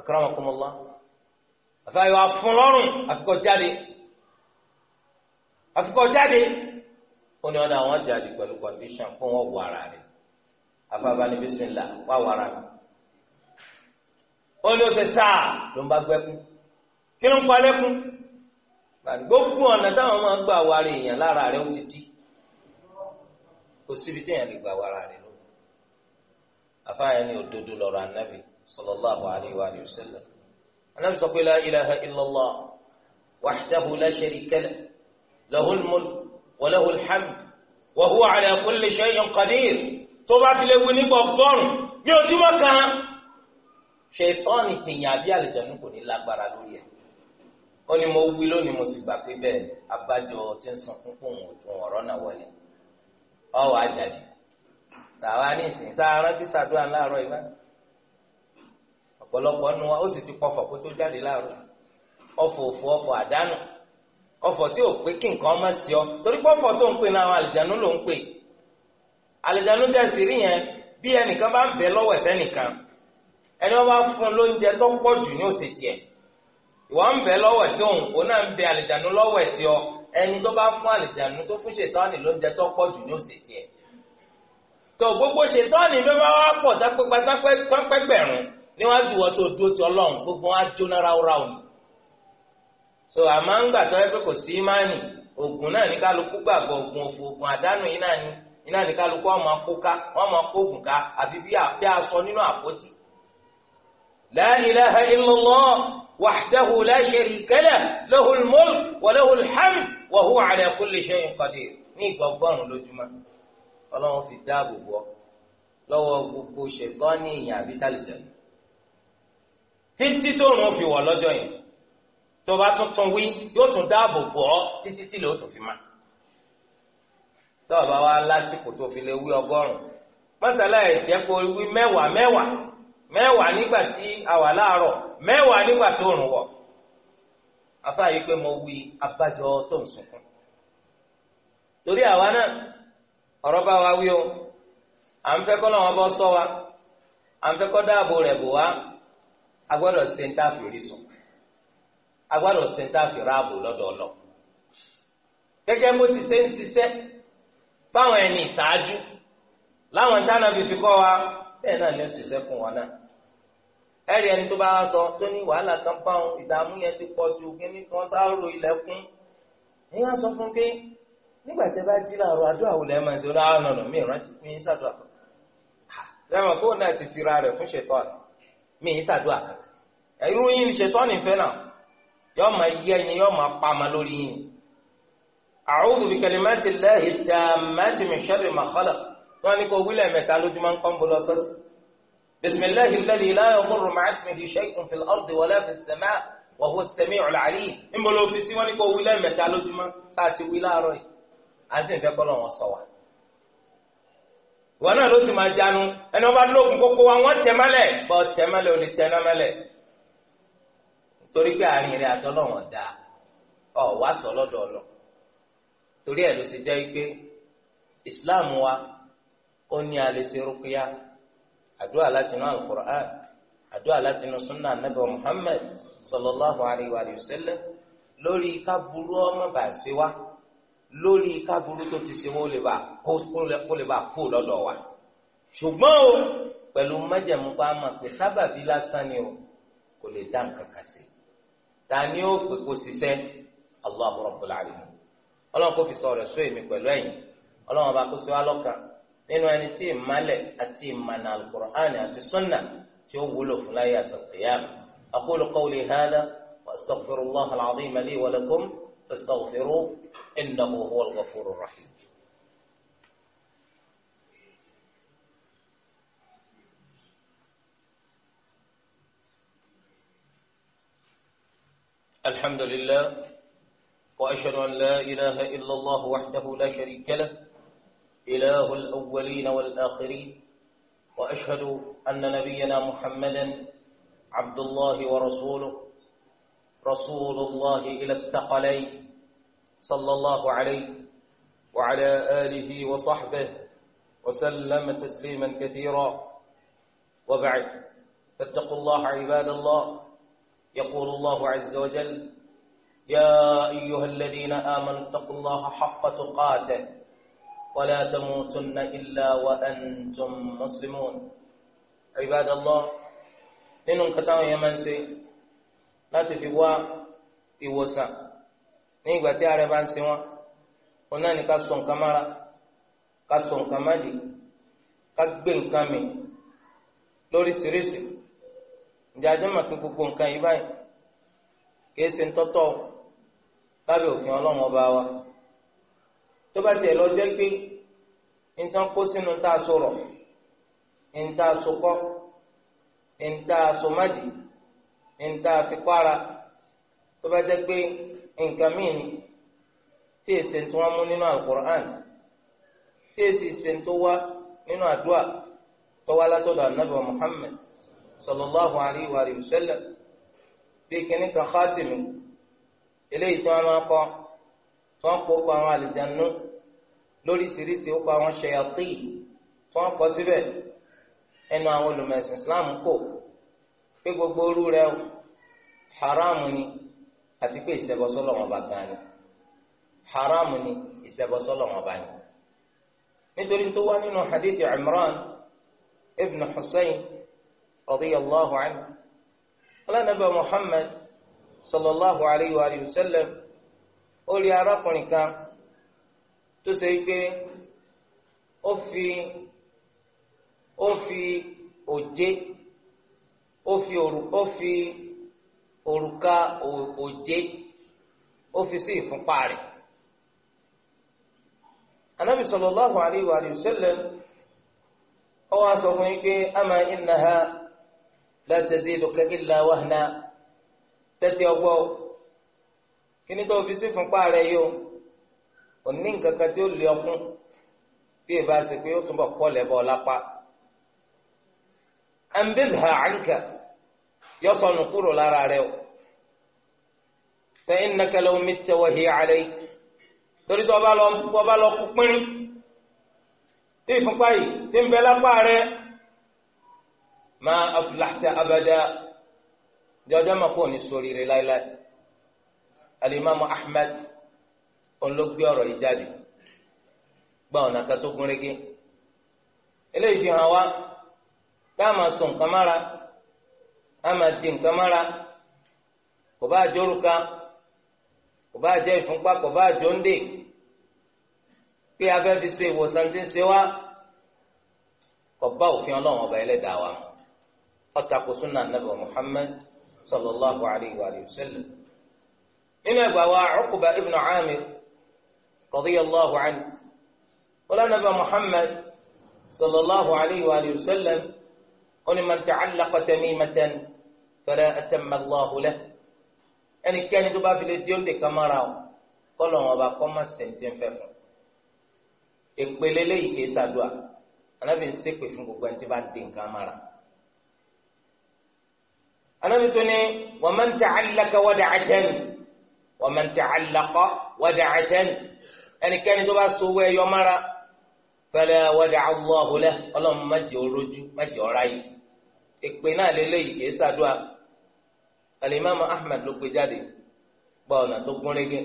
akramakumullah àfàyọ àfúnlọ́rùn àfikọ́ jáde àfikọ́ jáde ó ní ọ̀nà àwọn jáde pẹ̀lú condition fún wọn wọ ara rẹ̀ afábá ní wà wọ ara rẹ̀ ó ní ó ṣe sáà ló ń bá gbẹ́kú kí ló ń pa lẹ́kún gbogbo ọ̀nà táwọn máa gbà wàrà èèyàn lára rẹ̀ ó ti di kò síbi tí èèyàn lè gbà wàrà rẹ̀ lọ. àfáàyàn ni òdodo lọ́rọ̀ anábì sallallahu alaihi wa sallam anábì sọ pé la ilaha illallah wahdahu la sharika lahu lahul mulk wa lahul hamd wa huwa ala kulli shay'in tó bá fi lè wí nípa ọgọ́rùn ní ojúmọ́ kan ṣètọ́ni tèèyàn àbí àlùjànnú ó ní mo wí lónìí mo sì gbà pé bẹ́ẹ̀ abájọ ti ń sọ fún fóun ọ̀rọ̀ náà wọlé ọwọ́ àjàdì tàwa ní ìsìn sáà rántí sàdúrà láàárọ̀ ọ̀pọ̀lọpọ̀ nu wa ó sì ti pọfọ̀ kó tó jáde láàárọ̀ ọ̀fọ̀ òfò ọ̀fọ̀ àdánù tí ò pé kí nǹkan ọmọ sí ọ torí pọfọ̀ tó ń pè náà àwọn àlìjánu ló ń pè yẹn bí ẹnìkan bá ń bẹ lọ́wọ́ ẹni wọ́n bá fún lóúnjẹ wọ́n ń bẹ lọ́wọ́ tí òun òun náà ń bẹ àlìjànú lọ́wọ́ ẹ̀sì ọ ẹni tó bá fún àlìjànú tó fún ṣètọ́ni ló ń jẹ tó pọ̀ jù ní òsè tiẹ̀ tó gbogbo ṣètọ́ni ló bá wá pọ̀ níwájú wọn tó dúró ti gbogbo wọn á so àmọ́ ń kò sí ògùn náà gbàgbọ́ ògùn òfò ògùn àdánù iná ní kálukú وحده لا شريك له له الملك وله الحمد وهو على كل شيء قدير ní gbọ̀ngbọ̀n lójúmọ́ ọlọ́run fi dáàbò bọ́ lọ́wọ́ gbogbo ṣẹ̀tọ́ ní ìyàn àbí tálìjẹ̀lì títí tó rùn fi wọ̀ lọ́jọ́ yẹn tó bá tuntun wí yóò tún dáàbò bọ́ títí tí lóò tún fi má tọ́ọ̀bá wa lásìkò tó fi lè wí ọgọ́rùn-ún mọ́sálà ẹ̀jẹ̀ kó wí mẹ́wàá mẹ́wàá mẹ́wàá nígbà tí a wà láàárọ̀ mẹ́wàá nígbà tó rùn wọ̀ afá yìí pé mo wí abájọ tó ń sunkún torí àwa náà ọ̀rọ̀ wa wí o à ń fẹ́ sọ wa à ń fẹ́ kọ́ dáàbò rẹ̀ bò wá a gbọ́dọ̀ ṣe ń a sùn a gbọ́dọ̀ ṣe ń a fi ráàbò gẹ́gẹ́ ti ṣe ń ṣiṣẹ́ wa bẹ́ẹ̀ náà ní ṣiṣẹ́ fún wọn náà. ẹ̀rí ẹni tó bá sọ tó ní wàhálà kan bá òun ìdààmú yẹn ti pọ̀ ju kí ní kan sáárò ilẹ̀kùn ẹ̀yin á sọ fún pé nígbà tí ẹ bá jí láàárọ̀ àdúrà wò lẹ́ẹ̀ máa ń ṣe ọ̀rọ̀ àwọn ọ̀nà mi ìrántí mi ń ṣàdúrà kan lẹ́mọ̀ kó náà ti fira rẹ̀ fún ṣètọ́ni mi ń ṣàdúrà ẹ̀rú yín ṣètọ́ni fẹ́ náà yọ máa yí ẹyin yọ máa pa ma lórí yín a'udhu bi kalimati llahi tammati min sharri ma khalaq tí wọ́n ní kó wílẹ̀ mẹ́ta lójúmọ́ ń kọ́ ń bọ́ lọ sọ́sì بسم الله الذي لا يضر مع اسمه شيء في الأرض ولا في السماء وهو السميع العليم ń bọ̀ lọ fi sí wọn ní kó wí lẹ́ẹ̀mẹ́ta lójúmọ́ sáà ti wí láàárọ̀ yìí à ń sì ń fẹ́ kọ́ lọ́wọ́ sọ wa. ìwọ náà ló sì máa jánu ẹni wọn bá lóògùn kókó wa wọn tẹ mọ́lẹ̀ bọ́ tẹ mọ́lẹ̀ ò lè tẹ náà mọ́lẹ̀ torí pé àárín rẹ àtọ́ lọ́wọ́ da ọ wá sọ lọ́dọ̀ ọ̀lọ́ torí ẹ̀ ló ṣe jẹ́ pé Islam wa ó ní alẹ́ ṣe rúkúyà àdúrà láti inú alukur'an àdúrà láti inú sunna anabi muhammed sallallahu alayhi wa sallam lórí kábúrú ọmọ bá ṣe wá lórí kábúrú tó ti ṣe wọn kó lè bá kó lọ́dọ̀ wa ṣùgbọ́n o pẹ̀lú májẹ̀mú pa ama pé sábàbí lásán ni o kò lè dá nǹkan kan sí ta ni ó pè kó ṣiṣẹ́ Allahu Rabbul Alamin ọlọ́run kò fi sọ rẹ̀ sọ èmi pẹ̀lú ẹ̀yìn ọlọ́run ọba kó ṣe wá lọ́kàn. nínú ẹni tí ìmálẹ̀ àti ìmànà alukur'ani àti sunna tí ó wúlò fún láyé àtàkìyàmù aqulu qawli hada wa astaghfirullah al-azim li wa lakum fastaghfiru innahu huwal ghafurur rahim. الحمد لله واشهد ان لا اله الا الله وحده لا شريك له إله الأولين والآخرين وأشهد أن نبينا محمدا عبد الله ورسوله رسول الله إلى الثقلين صلى الله عليه وعلى آله وصحبه وسلم تسليما كثيرا وبعد فاتقوا الله عباد الله يقول الله عز وجل يا أيها الذين آمنوا اتقوا الله حق تقاته ولا تموتن إلا وأنتم مسلمون عباد الله nínú nǹkan táwọn èèyàn máa ń ṣe láti fi wá ìwòsàn ní ìgbà tí àárẹ̀ bá ń ṣe wọn wọn náà ní ká so nǹkan mára ká so nǹkan máàdì ká gbé nǹkan mì lóríṣiríṣi ǹjẹ́ ajé gbogbo nǹkan yìí báyìí kìí ṣe ń tọ́tọ́ lábẹ́ òfin ọlọ́run ọba wa tó bá tiẹ̀ lọ jẹ́ pé nǹkan kó sínú tá a sọ̀rọ̀ nǹkan sọkọ́ nǹkan sọmádì nǹkan fipára tó bá jẹ́ pé nǹkan míì ni tí èsì tí wọ́n mú nínú alukur'an tí èsì èsì tó wá nínú àdúrà tó wá látọ̀dọ̀ anabi muhammed sallallahu alayhi wa sallam bí kìnnìkan khatimi eléyìí tí wọ́n máa kọ́ wọ́n kó kọ àwọn àlìjánu lóríṣiríṣi ó kọ àwọn ṣẹyàtì tí wọ́n kọ síbẹ̀ ẹnu àwọn olùmọ̀ẹ̀sìn Islam kò pé gbogbo orú rẹ haramu ni àti pé ìṣẹ̀bọ̀sọ́lọ̀ wọn bá gan ni haramu ni ìṣẹ̀bọ̀sọ́lọ̀ wọn bá ni. nítorí tó wá nínú hadith Imran ibn Hussein radiyallahu anhu alánàbà Muhammad sallallahu alayhi wa sallam. ó rí arákùnrin kan tó ṣe pé ó fi ó fi òjé ó fi òrù ó fi òrùka òjé ó fi sí ìfúnpá anabi wa sallam ó wá sọ fún yín pé ama innaha la taziduka illa wahna tẹ́tí ọgbọ́n. kíní tó fi sí fúnpá rẹ yìí o ò ní tí ó lé ọkún bí ìbá ṣe pé ó túnbọ̀ kọ́lẹ̀ bọ́ lápá kúrò lára rẹ o fa innaka law mitta wa hiya torí tó bá lọ ma aflahta abada jọjọ́ mọ̀ kó ní alimami ahmed olóògbé ọ̀rọ̀ yìí jáde gba ọ̀nà kan tó gún régé eléyìí fi hàn wá bá a máa sọ nǹkan mára a máa di nǹkan mára kò bá àjọ òrùka kò bá àjọ ìfúnpá kò bá àjọ ńdè pé a fẹ́ fi ṣe ìwòsàn tí ń ṣe wá kò bá òfin ọlọ́run ọba ẹlẹ́dàá wa ọ̀tàkùn súnà nàbẹ̀ muhammed sallallahu alayhi wa sallam nínú ẹgbà wa Uqba ibn Amir radiyallahu anhu wọlọ́nàbà Muhammad sallallahu alayhi wa sallam ó ní man ta'allaqa tamimatan fala atamma Allahu lahu ẹnikẹ́ni tó bá file di olè kamara o kọ́lọ̀ wọn bá kọ́ máa sèǹtì fẹ́ fún ìpele léyìí kìí ṣàdúà anábì ń ṣépè fún gbogbo ẹni tí bá di nǹkan anábì tó ní wa man ta'allaka wada'atan. wa man ta'allaqa wada'atan ẹnikẹ́ni tó bá so owó ẹyọ mára fala wada'a Allahu lahu ọlọ́run má jẹ́ orójú má jẹ́ ọ̀rá yìí èpè náà alimami Ahmad ló gbé jáde gba ọ̀nà na gún régé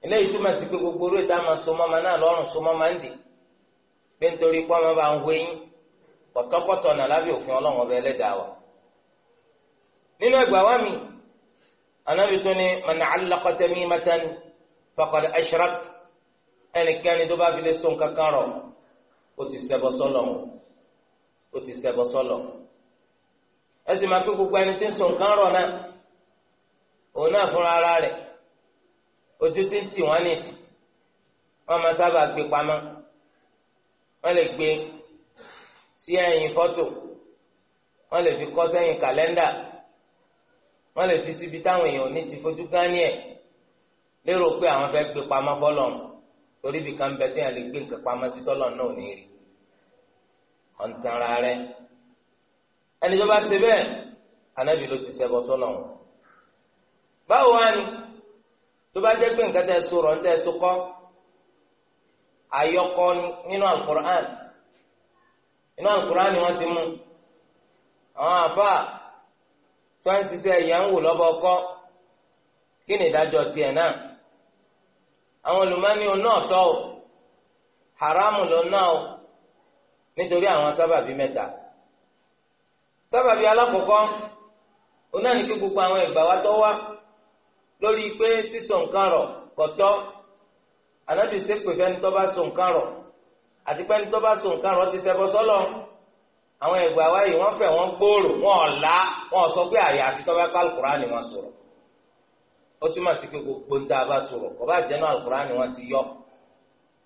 sí pé gbogbo orí ìta máa so mọ́mọ́ náà lọ́rùn so mọ́mọ́ ń dì pé nítorí pé ọmọ bá ń wé yín anabi tó ní man allaqa tamimatan faqad ashrak ẹnikẹ́ni tó bá fi lè so nǹkan kan rọ̀ ó ti ṣẹbọ sọ́lọ̀ ó ti ṣẹbọ sọ́lọ̀ ẹ sì máa pé gbogbo ẹni tí ń so nǹkan rọ̀ náà òun náà ara rẹ̀ ojú tí ń tì wọ́n nìsí wọ́n máa sábà gbé pamọ́ wọ́n lè gbé sí ẹ̀yìn fọ́tò wọ́n lè fi kọ́ sẹ́yìn kàlẹ́ndà wọ́n lè fi síbi táwọn èèyàn ní ti fojú gání ẹ̀ lérò pé àwọn fẹ́ gbé pamọ́ fọlọ́ torí ibi kan bẹ téèyàn lè gbé nǹkan pamọ́ sí tọ́lọ̀ náà ní rí ọ̀ǹtara rẹ ẹni tó bá ṣe bẹ́ẹ̀ anábì ló ti ṣẹbọ sọ́lọ̀ wọn. báwo wá ni tó bá jẹ́ pé nǹkan tẹ́ so ń tẹ́ so àyọkọ nínú alukur'an nínú alukur'an ni wọ́n ti mú àwọn àfáà tí wọ́n ń ṣiṣẹ́ ìyá ń wò lọ́bọ̀ ọkọ́ kí ni ìdájọ́ tiẹ̀ náà àwọn olùmọ́ni ọ̀nà ọ̀tọ̀ o haramu lọ́nà o nítorí àwọn sábàbí mẹ́ta sábàbí alákọ̀ọ́kọ́ ọ̀nà ní kí gbogbo àwọn ìgbà wa tó wá lórí pé sísọ nǹkan rọ̀ kọ̀tọ́ ànábì ṣépè fẹ́ni tó bá sọ nǹkan rọ̀ àti pẹ́ni tó bá sọ nǹkan rọ̀ ti ṣẹbọ sọ́lọ́ àwọn ẹgbẹ́ àwárí wọ́n fẹ̀ wọ́n gbòòrò wọ́n ọ̀la wọ́n sọ pé àyà àti tọ́ba ká alukóra ni wọ́n sọ̀rọ̀ ó túmọ̀ sí pé gbogbo ń dá a bá sọ̀rọ̀ kọ́ bá jẹ́nu alukóra ni wọ́n ti yọ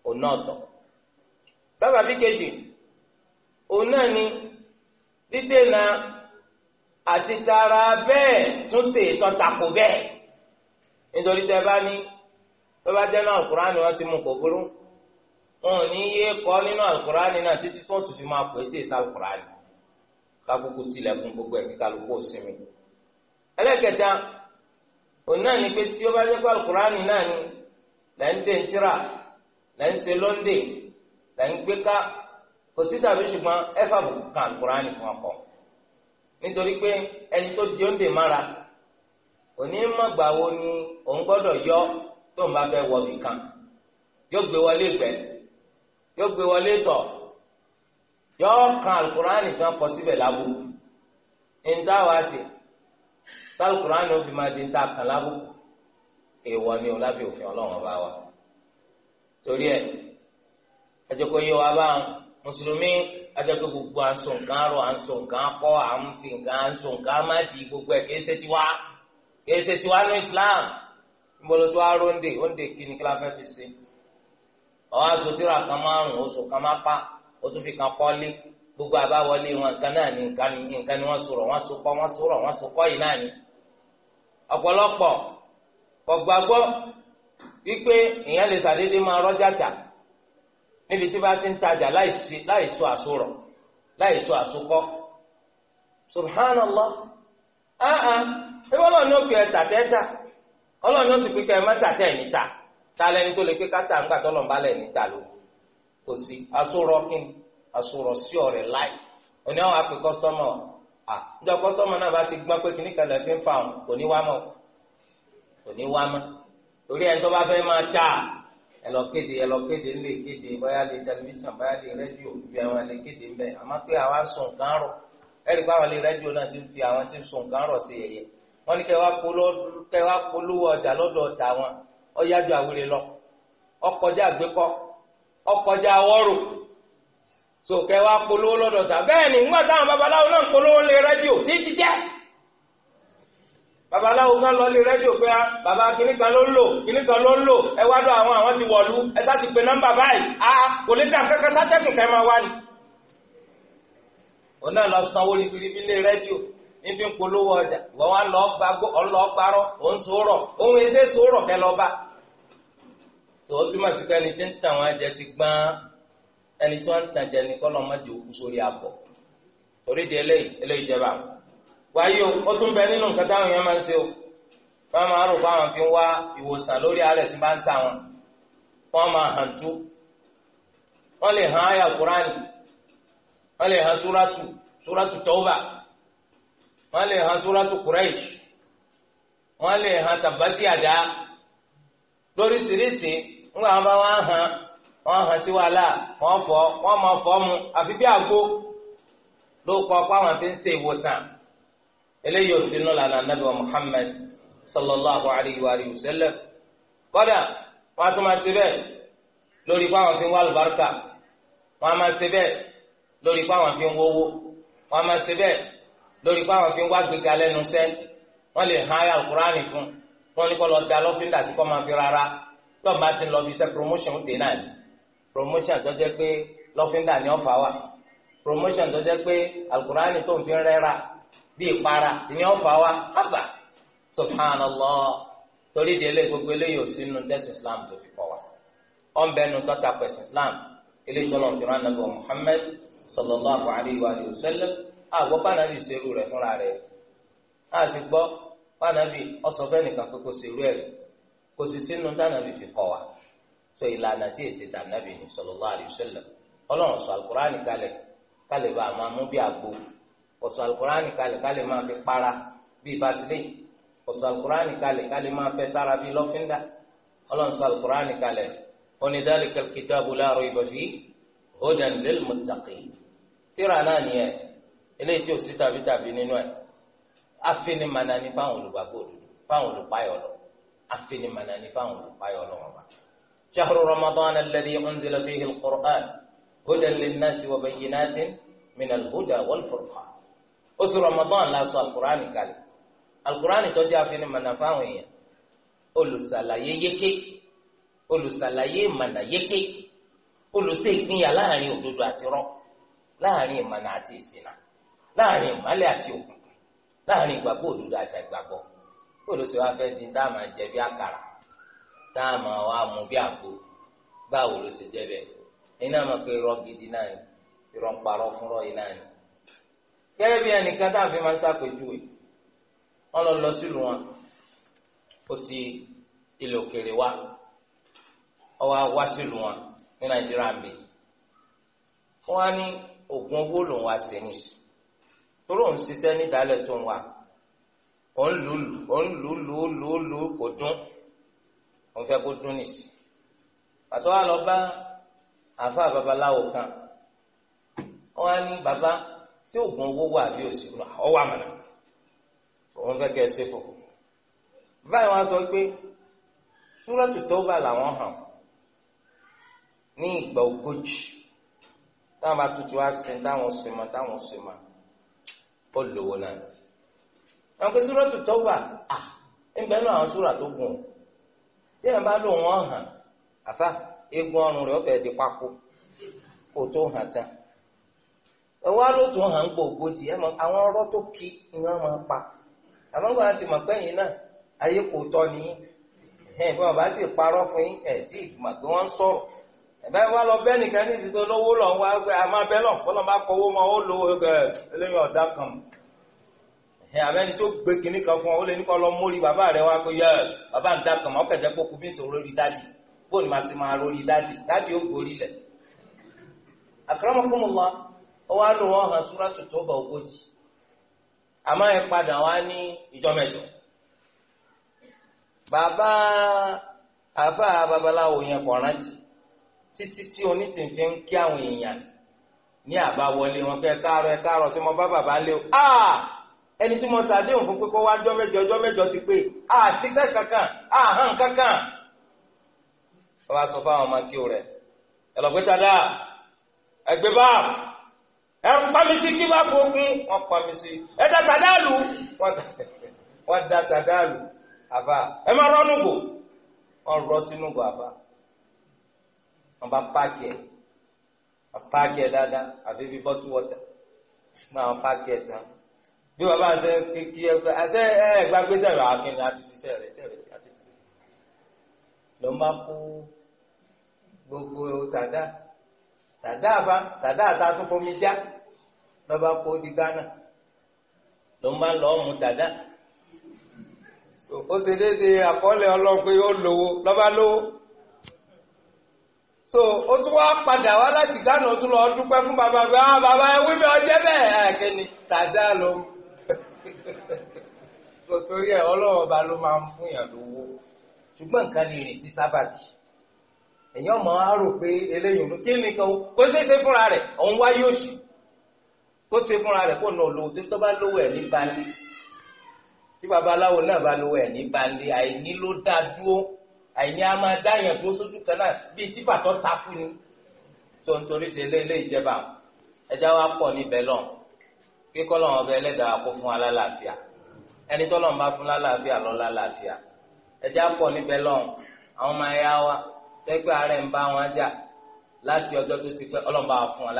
òun náà tọ̀. sábàbí kejì òun náà ni dídènà àti tara bẹ́ẹ̀ tún ṣe ìtọ́ tako bẹ́ẹ̀ nítorí tẹ bá ní tọ́ba jẹ́nu alukóra ni wọ́n ti mú kò burú wọn ò ní yé kọ́ nínú alukurani náà títí tó tún fi máa pè é tí èsì alukurani kakuku tilẹ̀kùn gbogbo ẹ̀ kíkà lóko ẹlẹ́kẹta òun náà ni pé tí ó bá dé kọ́ alukurani náà ni lẹ́ ń dé ń lẹ́ ń ṣe lóńdè lẹ́ ń gbé ká kò sí tàbí ṣùgbọ́n ẹ kan alukurani nítorí pé ẹni tó di mára òní wo ni òun gbọ́dọ̀ yọ yóò gbé wọlé tọ̀ yóò kan alukurani tí wọ́n kọ síbẹ̀ lábú níta wá sí talukurani ó fi máa di níta kan ni o lábẹ́ òfin ọlọ́run bá wa torí ẹ ẹjọ́ kó yé bá mùsùlùmí gbogbo aṣọ rọ aṣọ nǹkan gbogbo ẹ kìí ṣe ṣe ní Islam ìmọlótó aró ó ń àwọn asotira kan márùn oṣù kan má pa o tún fi kan kọ́lé gbogbo àbáwọlé wọn nǹkan náà ní nǹkan ní nǹkan ní wọ́n sọ̀rọ̀ wọ́n sọkọ́ wọ́n sọ̀rọ̀ wọ́n sọkọ́ yìí náà ní. ọ̀pọ̀lọpọ̀ ọ̀gbàgbọ́ wípé ìyẹn lè sàdédé máa rọ́jà tà níbi tí bá ti ń tajà láìsọ àsọ̀rọ̀ láìsọ àsọkọ́ subhanallah ah ah ìwọ́n lọ́ọ̀ ní ó pè ẹ́ tàtẹ́tà ọlọ́ọ̀ ní ó sì pè ẹ́ mẹ́tàtẹ́ ẹ̀ níta tálẹ́ni tó lè pé kátà ńgbà tọ́lọ̀ ń balẹ̀ níta ló kò sí asúrọ̀ kíni asúrọ̀ sí ọ̀rẹ́ láì òní àwọn àpè kọ́sọ́mọ̀ à níjọ kọ́sọ́mọ̀ náà bá ti gbọ́n pé kíní kan lè fi ń fa òun kò ní wá mọ́ kò ní wá mọ́ torí ẹni tó bá fẹ́ máa tà ẹ lọ kéde ẹ lọ kéde ńlẹ̀ kéde báyà lè tẹlifíṣàn báyà lè rẹ́díò ju àwọn lè kéde ńbẹ àmọ́ pé àwa sùn kán rọ̀ ẹ̀rí pé àwọn lè rẹ́díò náà ti ń fi àwọn ti sùn kán rọ̀ sí ẹ̀yẹ wọ́n ní kẹ́ polówó ọjà lọ́dọ̀ ọ̀tà wọn ọ̀yájú àwúre lọ ọkọjá àgbékọ́ ọkọjá awọ́rò so kẹwàá polówó lọ́dọ̀ tà bẹ́ẹ̀ ni ńgbà táwọn babaláwo náà ń polówó lé rédíò títí jẹ́ babaláwo lọ lé rédíò pé bàbá kìnnì kan ló ń lò kìnnì kan ló ń lò ẹ wá àwọn àwọn ti wọlu, ẹ sá ti pe a kò lè dàn kankan máa wá ni òun náà lọ sanwó lé níbi ń polówó ọjà wọ́n wá lọ òun sòrọ̀ òun èsè sòrọ̀ kẹ lọ́ba. túmọ̀ sí ẹni tí ń tàn wọn ti gbọ́n ẹni tí wọ́n ń tàn jẹ ní kọ́lọ́ má di òkú sórí àbọ̀ torí eléyìí eléyìí jẹba. wáyé o ó tún bẹ nínú nǹkan táwọn fi wá ìwòsàn lórí tí bá ń sà wọn máa hàn tú lè hàn áyà kúránì lè wọ́n lè han suratu Quraish wọ́n lè han tabati àdá lóríṣiríṣi ńgbà wọn bá wọn hàn wọn hàn sí wàhálà wọn fọ wọn mọ fọ mu àfi bí àgbo ló kọ ọpọ àwọn tí ń ìwòsàn eléyìí ò lànà muhammed Muhammad sallallahu alayhi wa sallam kódà wọn tún máa ṣe bẹ́ẹ̀ lórí pé àwọn fi ń wá wọn lórí pé àwọn fi ń wá gbéga lẹ́nu sẹ́ wọ́n lè hàn áyà alukurani fún wọ́n ní kó lọ da lọ́fíńdà sí kó máa fi rárá tó máa ti lọ bí sẹ́ promotion dé náà ni promotion tó jẹ́ pé lọ́fíńdà ni ọ̀fà wà promotion tó jẹ́ pé alukurani tó ń fi rẹ́ra bí ìpara ni ọ̀fà wa ábà subhanallah torí ìdílé gbogbo eléyìí ò sínú tẹ́sí islam tó fi kọ́ wa ọ̀nbẹ́nu tọ́ta pẹ̀sì islam eléyìí tó lọ́n fi rán nàbọ̀ muhammad sallallahu alayhi wa sallam àgbọ́ pànàbì ṣerú rẹ̀ fúnra rẹ̀ a sì gbọ́ pànàbì ọ̀sọ̀fẹ́ nìkan pé kò ṣerú ẹ̀ kò sì sínú tànàbì fi kọ́ wa sọ ìlànà tí èsì tànàbì ní sallallahu alaihi wasallam ọlọ́run sọ alukurani kalẹ̀ kalẹ̀ bá a máa mú bí agbo ọ̀sọ̀ alukurani kalẹ̀ kalẹ̀ máa fi para bí basilẹ̀ ọ̀sọ̀ alukurani kalẹ̀ kalẹ̀ máa fẹ́ sára bí lọ́fíńdà ọlọ́run sọ alukurani kalẹ̀ oní dhalikal kitabu la rayba fihi hudan lil muttaqin tíra náà nìyẹn eléyìí tí ò sí tàbí tàbí nínú ẹ̀ afinimana ni fáwọn olùgbàgbọ́ òdodo fáwọn olùpáyọ̀ lọ afinimana ni fáwọn olùpáyọ̀ lọ wọn bá. shahru ramadan alladhi unzila fihi alqur'an hudan linnasi wa bayyinatin min alhuda wal furqan. oṣù ramadan la alqur'an kalẹ̀ alqur'an tó jẹ́ afinimana fáwọn èèyàn olùsàlàyé yéké olùsàlàyé ìmànà yéké olùsèkìyà láàrin òdodo àti rọ láàrin ìmànà àti ìṣìnà. láàrin ìmọ́lẹ̀ àti òkùnkùn láàrin ìgbàgbọ́ òdodo àti àgbàgbọ́ olùsọ wa fẹ́ di tá a máa jẹ bí àkàrà a mu bí àgbo báwo ló jẹ gidi náà ni irọ́ ń parọ́ náà ni. gẹ́gẹ́ bí ẹnìkan tá a fi máa ń ṣàpèjúwe wọ́n lọ lọ sílùú wọn ó ti ilẹ̀ òkèèrè wá ọ wá wá sílùú wọn toró ń ṣiṣẹ́ nídàálẹ̀ tó ń wà ó ń lù ó ń lù lù lù lù kò dún òun fẹ́ kó dún nìsí pàtó wa lọ bá àfa babaláwo kan wọn á ní baba tí oògùn owó wà bí òsì wà ọ wà mọ̀nà òun fẹ́ kẹ́ ẹ ṣe fò báyìí wọn sọ pé súrọ́tù tó bá làwọn hàn ní ìgbà ogójì táwọn bá tutù wá sí táwọn sì mọ táwọn sì ó lówó náà àwọn kí súrọ́tù tọ́wà à ń bẹ́ẹ̀ náà àwọn súrà tó gùn tí èèyàn bá lò wọ́n hàn àfa egun ọrùn rẹ̀ ó di pákó kó tó hàn tán ẹ̀wọ́n hàn ẹ̀ àwọn ọ̀rọ̀ tó kí ni wọ́n máa pa náà ayé kò tọ́ ni fún yín ẹ̀ tí ìgbìmọ̀ ẹ̀bẹ́ wa lọ bẹ́ẹ̀ nìkan ní ìsìnkú lówó lọ wá pé a máa bẹ́ẹ̀ lọ kọ́lọ́ bá kọ́wó mọ́ ó lówó ẹ̀ eléyìí ọ̀dà kan ẹ̀ àbẹ́ni tó gbé kinní kan fún ọ ó lè ní kọ́ lọ mórí bàbá rẹ wá pé yẹ bàbá ń dà kàn mọ́ kẹ̀jẹ́ pọ̀ kú bí ìṣòro rí dájì bóun máa ti máa rori dájì dájì ó gorí lẹ̀. akramakumullah ó wá lò wọ́n hàn súrà tó tó bá ogójì àmọ́ ẹ padà wá ní ìjọ mẹ́jọ. bàbá àbá babaláwo yẹn kọ̀ títí tí onítìǹfì ń kí àwọn èèyàn ní àbáwọlé wọn pé ẹ káàárọ̀ ẹ káàárọ̀ tí mo bá bàbá lé o ẹni tí mo ṣàdéhùn fún pé kó wá jọ́ mẹ́jọ jọ́ mẹ́jọ ti pé àṣìṣe kankan àhàn kankan wọ́n bá sọ fáwọn ọmọ kí o rẹ̀ ẹ lọ tada ẹgbẹ́ bá ẹ pàmì sí kí bá fòkun wọ́n pàmì sí ẹ dá tada lù wọ́n dá tada lù àbá ẹ má rọ́nùgò wọ́n rọ́ sínú gò àbá wọn bá páàkì ẹ̀ páàkì ẹ̀ dáadáa àbí bí bọ́tú wọ́tà máa wọn páàkì ẹ̀ tán bí bàbá àṣẹ kí ẹ pé àṣẹ ẹ gbàgbé sẹ̀rẹ̀ akínni àti sísẹ̀ rẹ̀ sẹ̀rẹ̀ àti sísẹ̀ lọ́ máa kú gbogbo tàdá tàdá àbá tàdá àtà tó fomi já lọ́ba kó di Ghana ló máa lọ ọmú dada ó ṣe déédéé àkọọ́lẹ̀ ọlọ́run pé ó lówó lọ́ba lówó so ó tún wá padà wá láti Ghana ó tún lọ dúpẹ́ fún bàbá pé ah bàbá ewé mi ọjẹ́ bẹ́ẹ̀ àkẹ́ni tàdá ló so torí ẹ̀ ọlọ́wọ́ ba ló máa ń fún yàn lówó ṣùgbọ́n nǹkan lè rìn sí sábàbí èyàn mọ̀ á rò pé eléyìí ló kí nìkan kó ṣe é ṣe fúnra rẹ̀ òun wá yóò ṣì kó ṣe fúnra rẹ̀ kó nà lówó tó tó bá lówó ẹ̀ ní balẹ̀ tí babaláwo náà bá lówó ẹ̀ ní balẹ̀ àìní ló dá dúró àìní a máa dáyàn tó sójú kan náà bíi tífà tó takú ni tó ń torí délé ilé ìjẹba ẹjá wa pọ̀ níbẹ̀ lọ pé kọ́lọ́n ọbẹ̀ ẹlẹ́dàá kó fún alálàáfíà ẹni tọ́lọ́n bá fún lálàáfíà lọ lálàáfíà ẹjá pọ̀ níbẹ̀ lọ àwọn máa yá wa tẹ́gbẹ́ ààrẹ ń bá wọn jà láti ọjọ́ tó ti pẹ́ ọlọ́run bá fún wa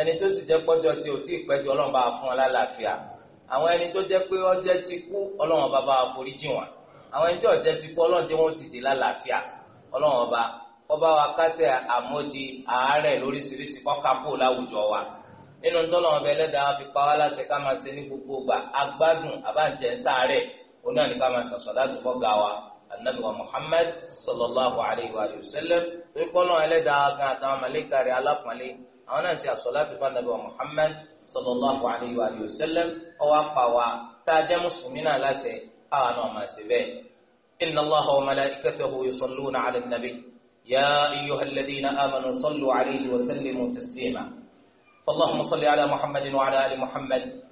ẹni tó sì jẹ́ pọ́jọ́ tí ò tí ì pẹ́jọ́ ọlọ́run bá fún wa àwọn ẹni tó jẹ́ pé ọjọ́ ti kú ọlọ́run bá bá forí jì wọ́n àwọn ẹjọ́ ọ̀jẹ́ ti kú ọlọ́run tí wọ́n dìde lálàáfíà ọlọ́run ọba ọba wa kásẹ̀ àmódi àárẹ̀ lóríṣiríṣi kọ́kápò láwùjọ wa nínú tọ́lọ́run ọba ẹlẹ́dàá fi pa wá láṣẹ ká máa ṣe ní gbogbo ìgbà agbádùn àbáǹtẹ̀ sáárẹ̀ òun náà máa ṣàṣọ láti fọ́gà wa anabi wa muhammad sallallahu alayhi wa sallam torí kọ́lọ́run ẹlẹ́dàá gan àtàwọn màlẹ́kà rẹ̀ alápọ̀nlé àwọn náà ṣe àṣọ láti fọ́ anabi wa muhammad sallallahu alayhi wa sallam ọwọ́ apá wa tá a jẹ́ mùsùlùmí náà láṣẹ آنو ما سيبين إن الله وملائكته يصلون على النبي يا أيها الذين آمنوا صلوا عليه وسلموا تسليما فاللهم صل على محمد وعلى آل محمد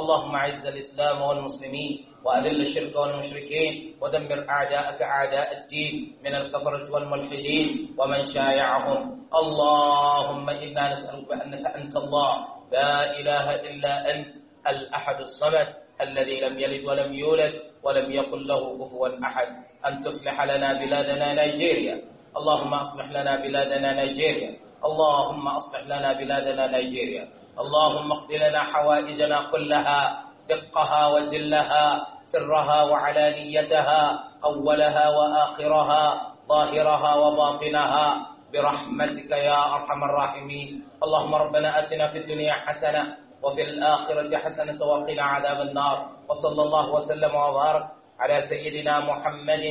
اللهم اعز الإسلام والمسلمين وأذل الشرك والمشركين ودمر أعداءك أعداء الدين من الكفرة والملحدين ومن شايعهم اللهم إنا نسألك بأنك أنت الله لا إله إلا أنت الأحد الصمد الذي لم يلد ولم يولد ولم يقل له كفوا أحد أن تصلح لنا بلادنا نيجيريا اللهم أصلح لنا بلادنا نيجيريا اللهم أصلح لنا بلادنا نيجيريا اللهم اقض لنا حوائجنا كلها دقها وجلها سرها وعلانيتها اولها واخرها ظاهرها وباطنها برحمتك يا ارحم الراحمين اللهم ربنا اتنا في الدنيا حسنه وفي الاخره حسنه وقنا عذاب النار وصلى الله وسلم وبارك على سيدنا محمد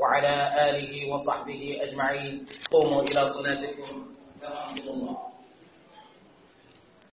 وعلى اله وصحبه اجمعين قوموا الى صلاتكم الله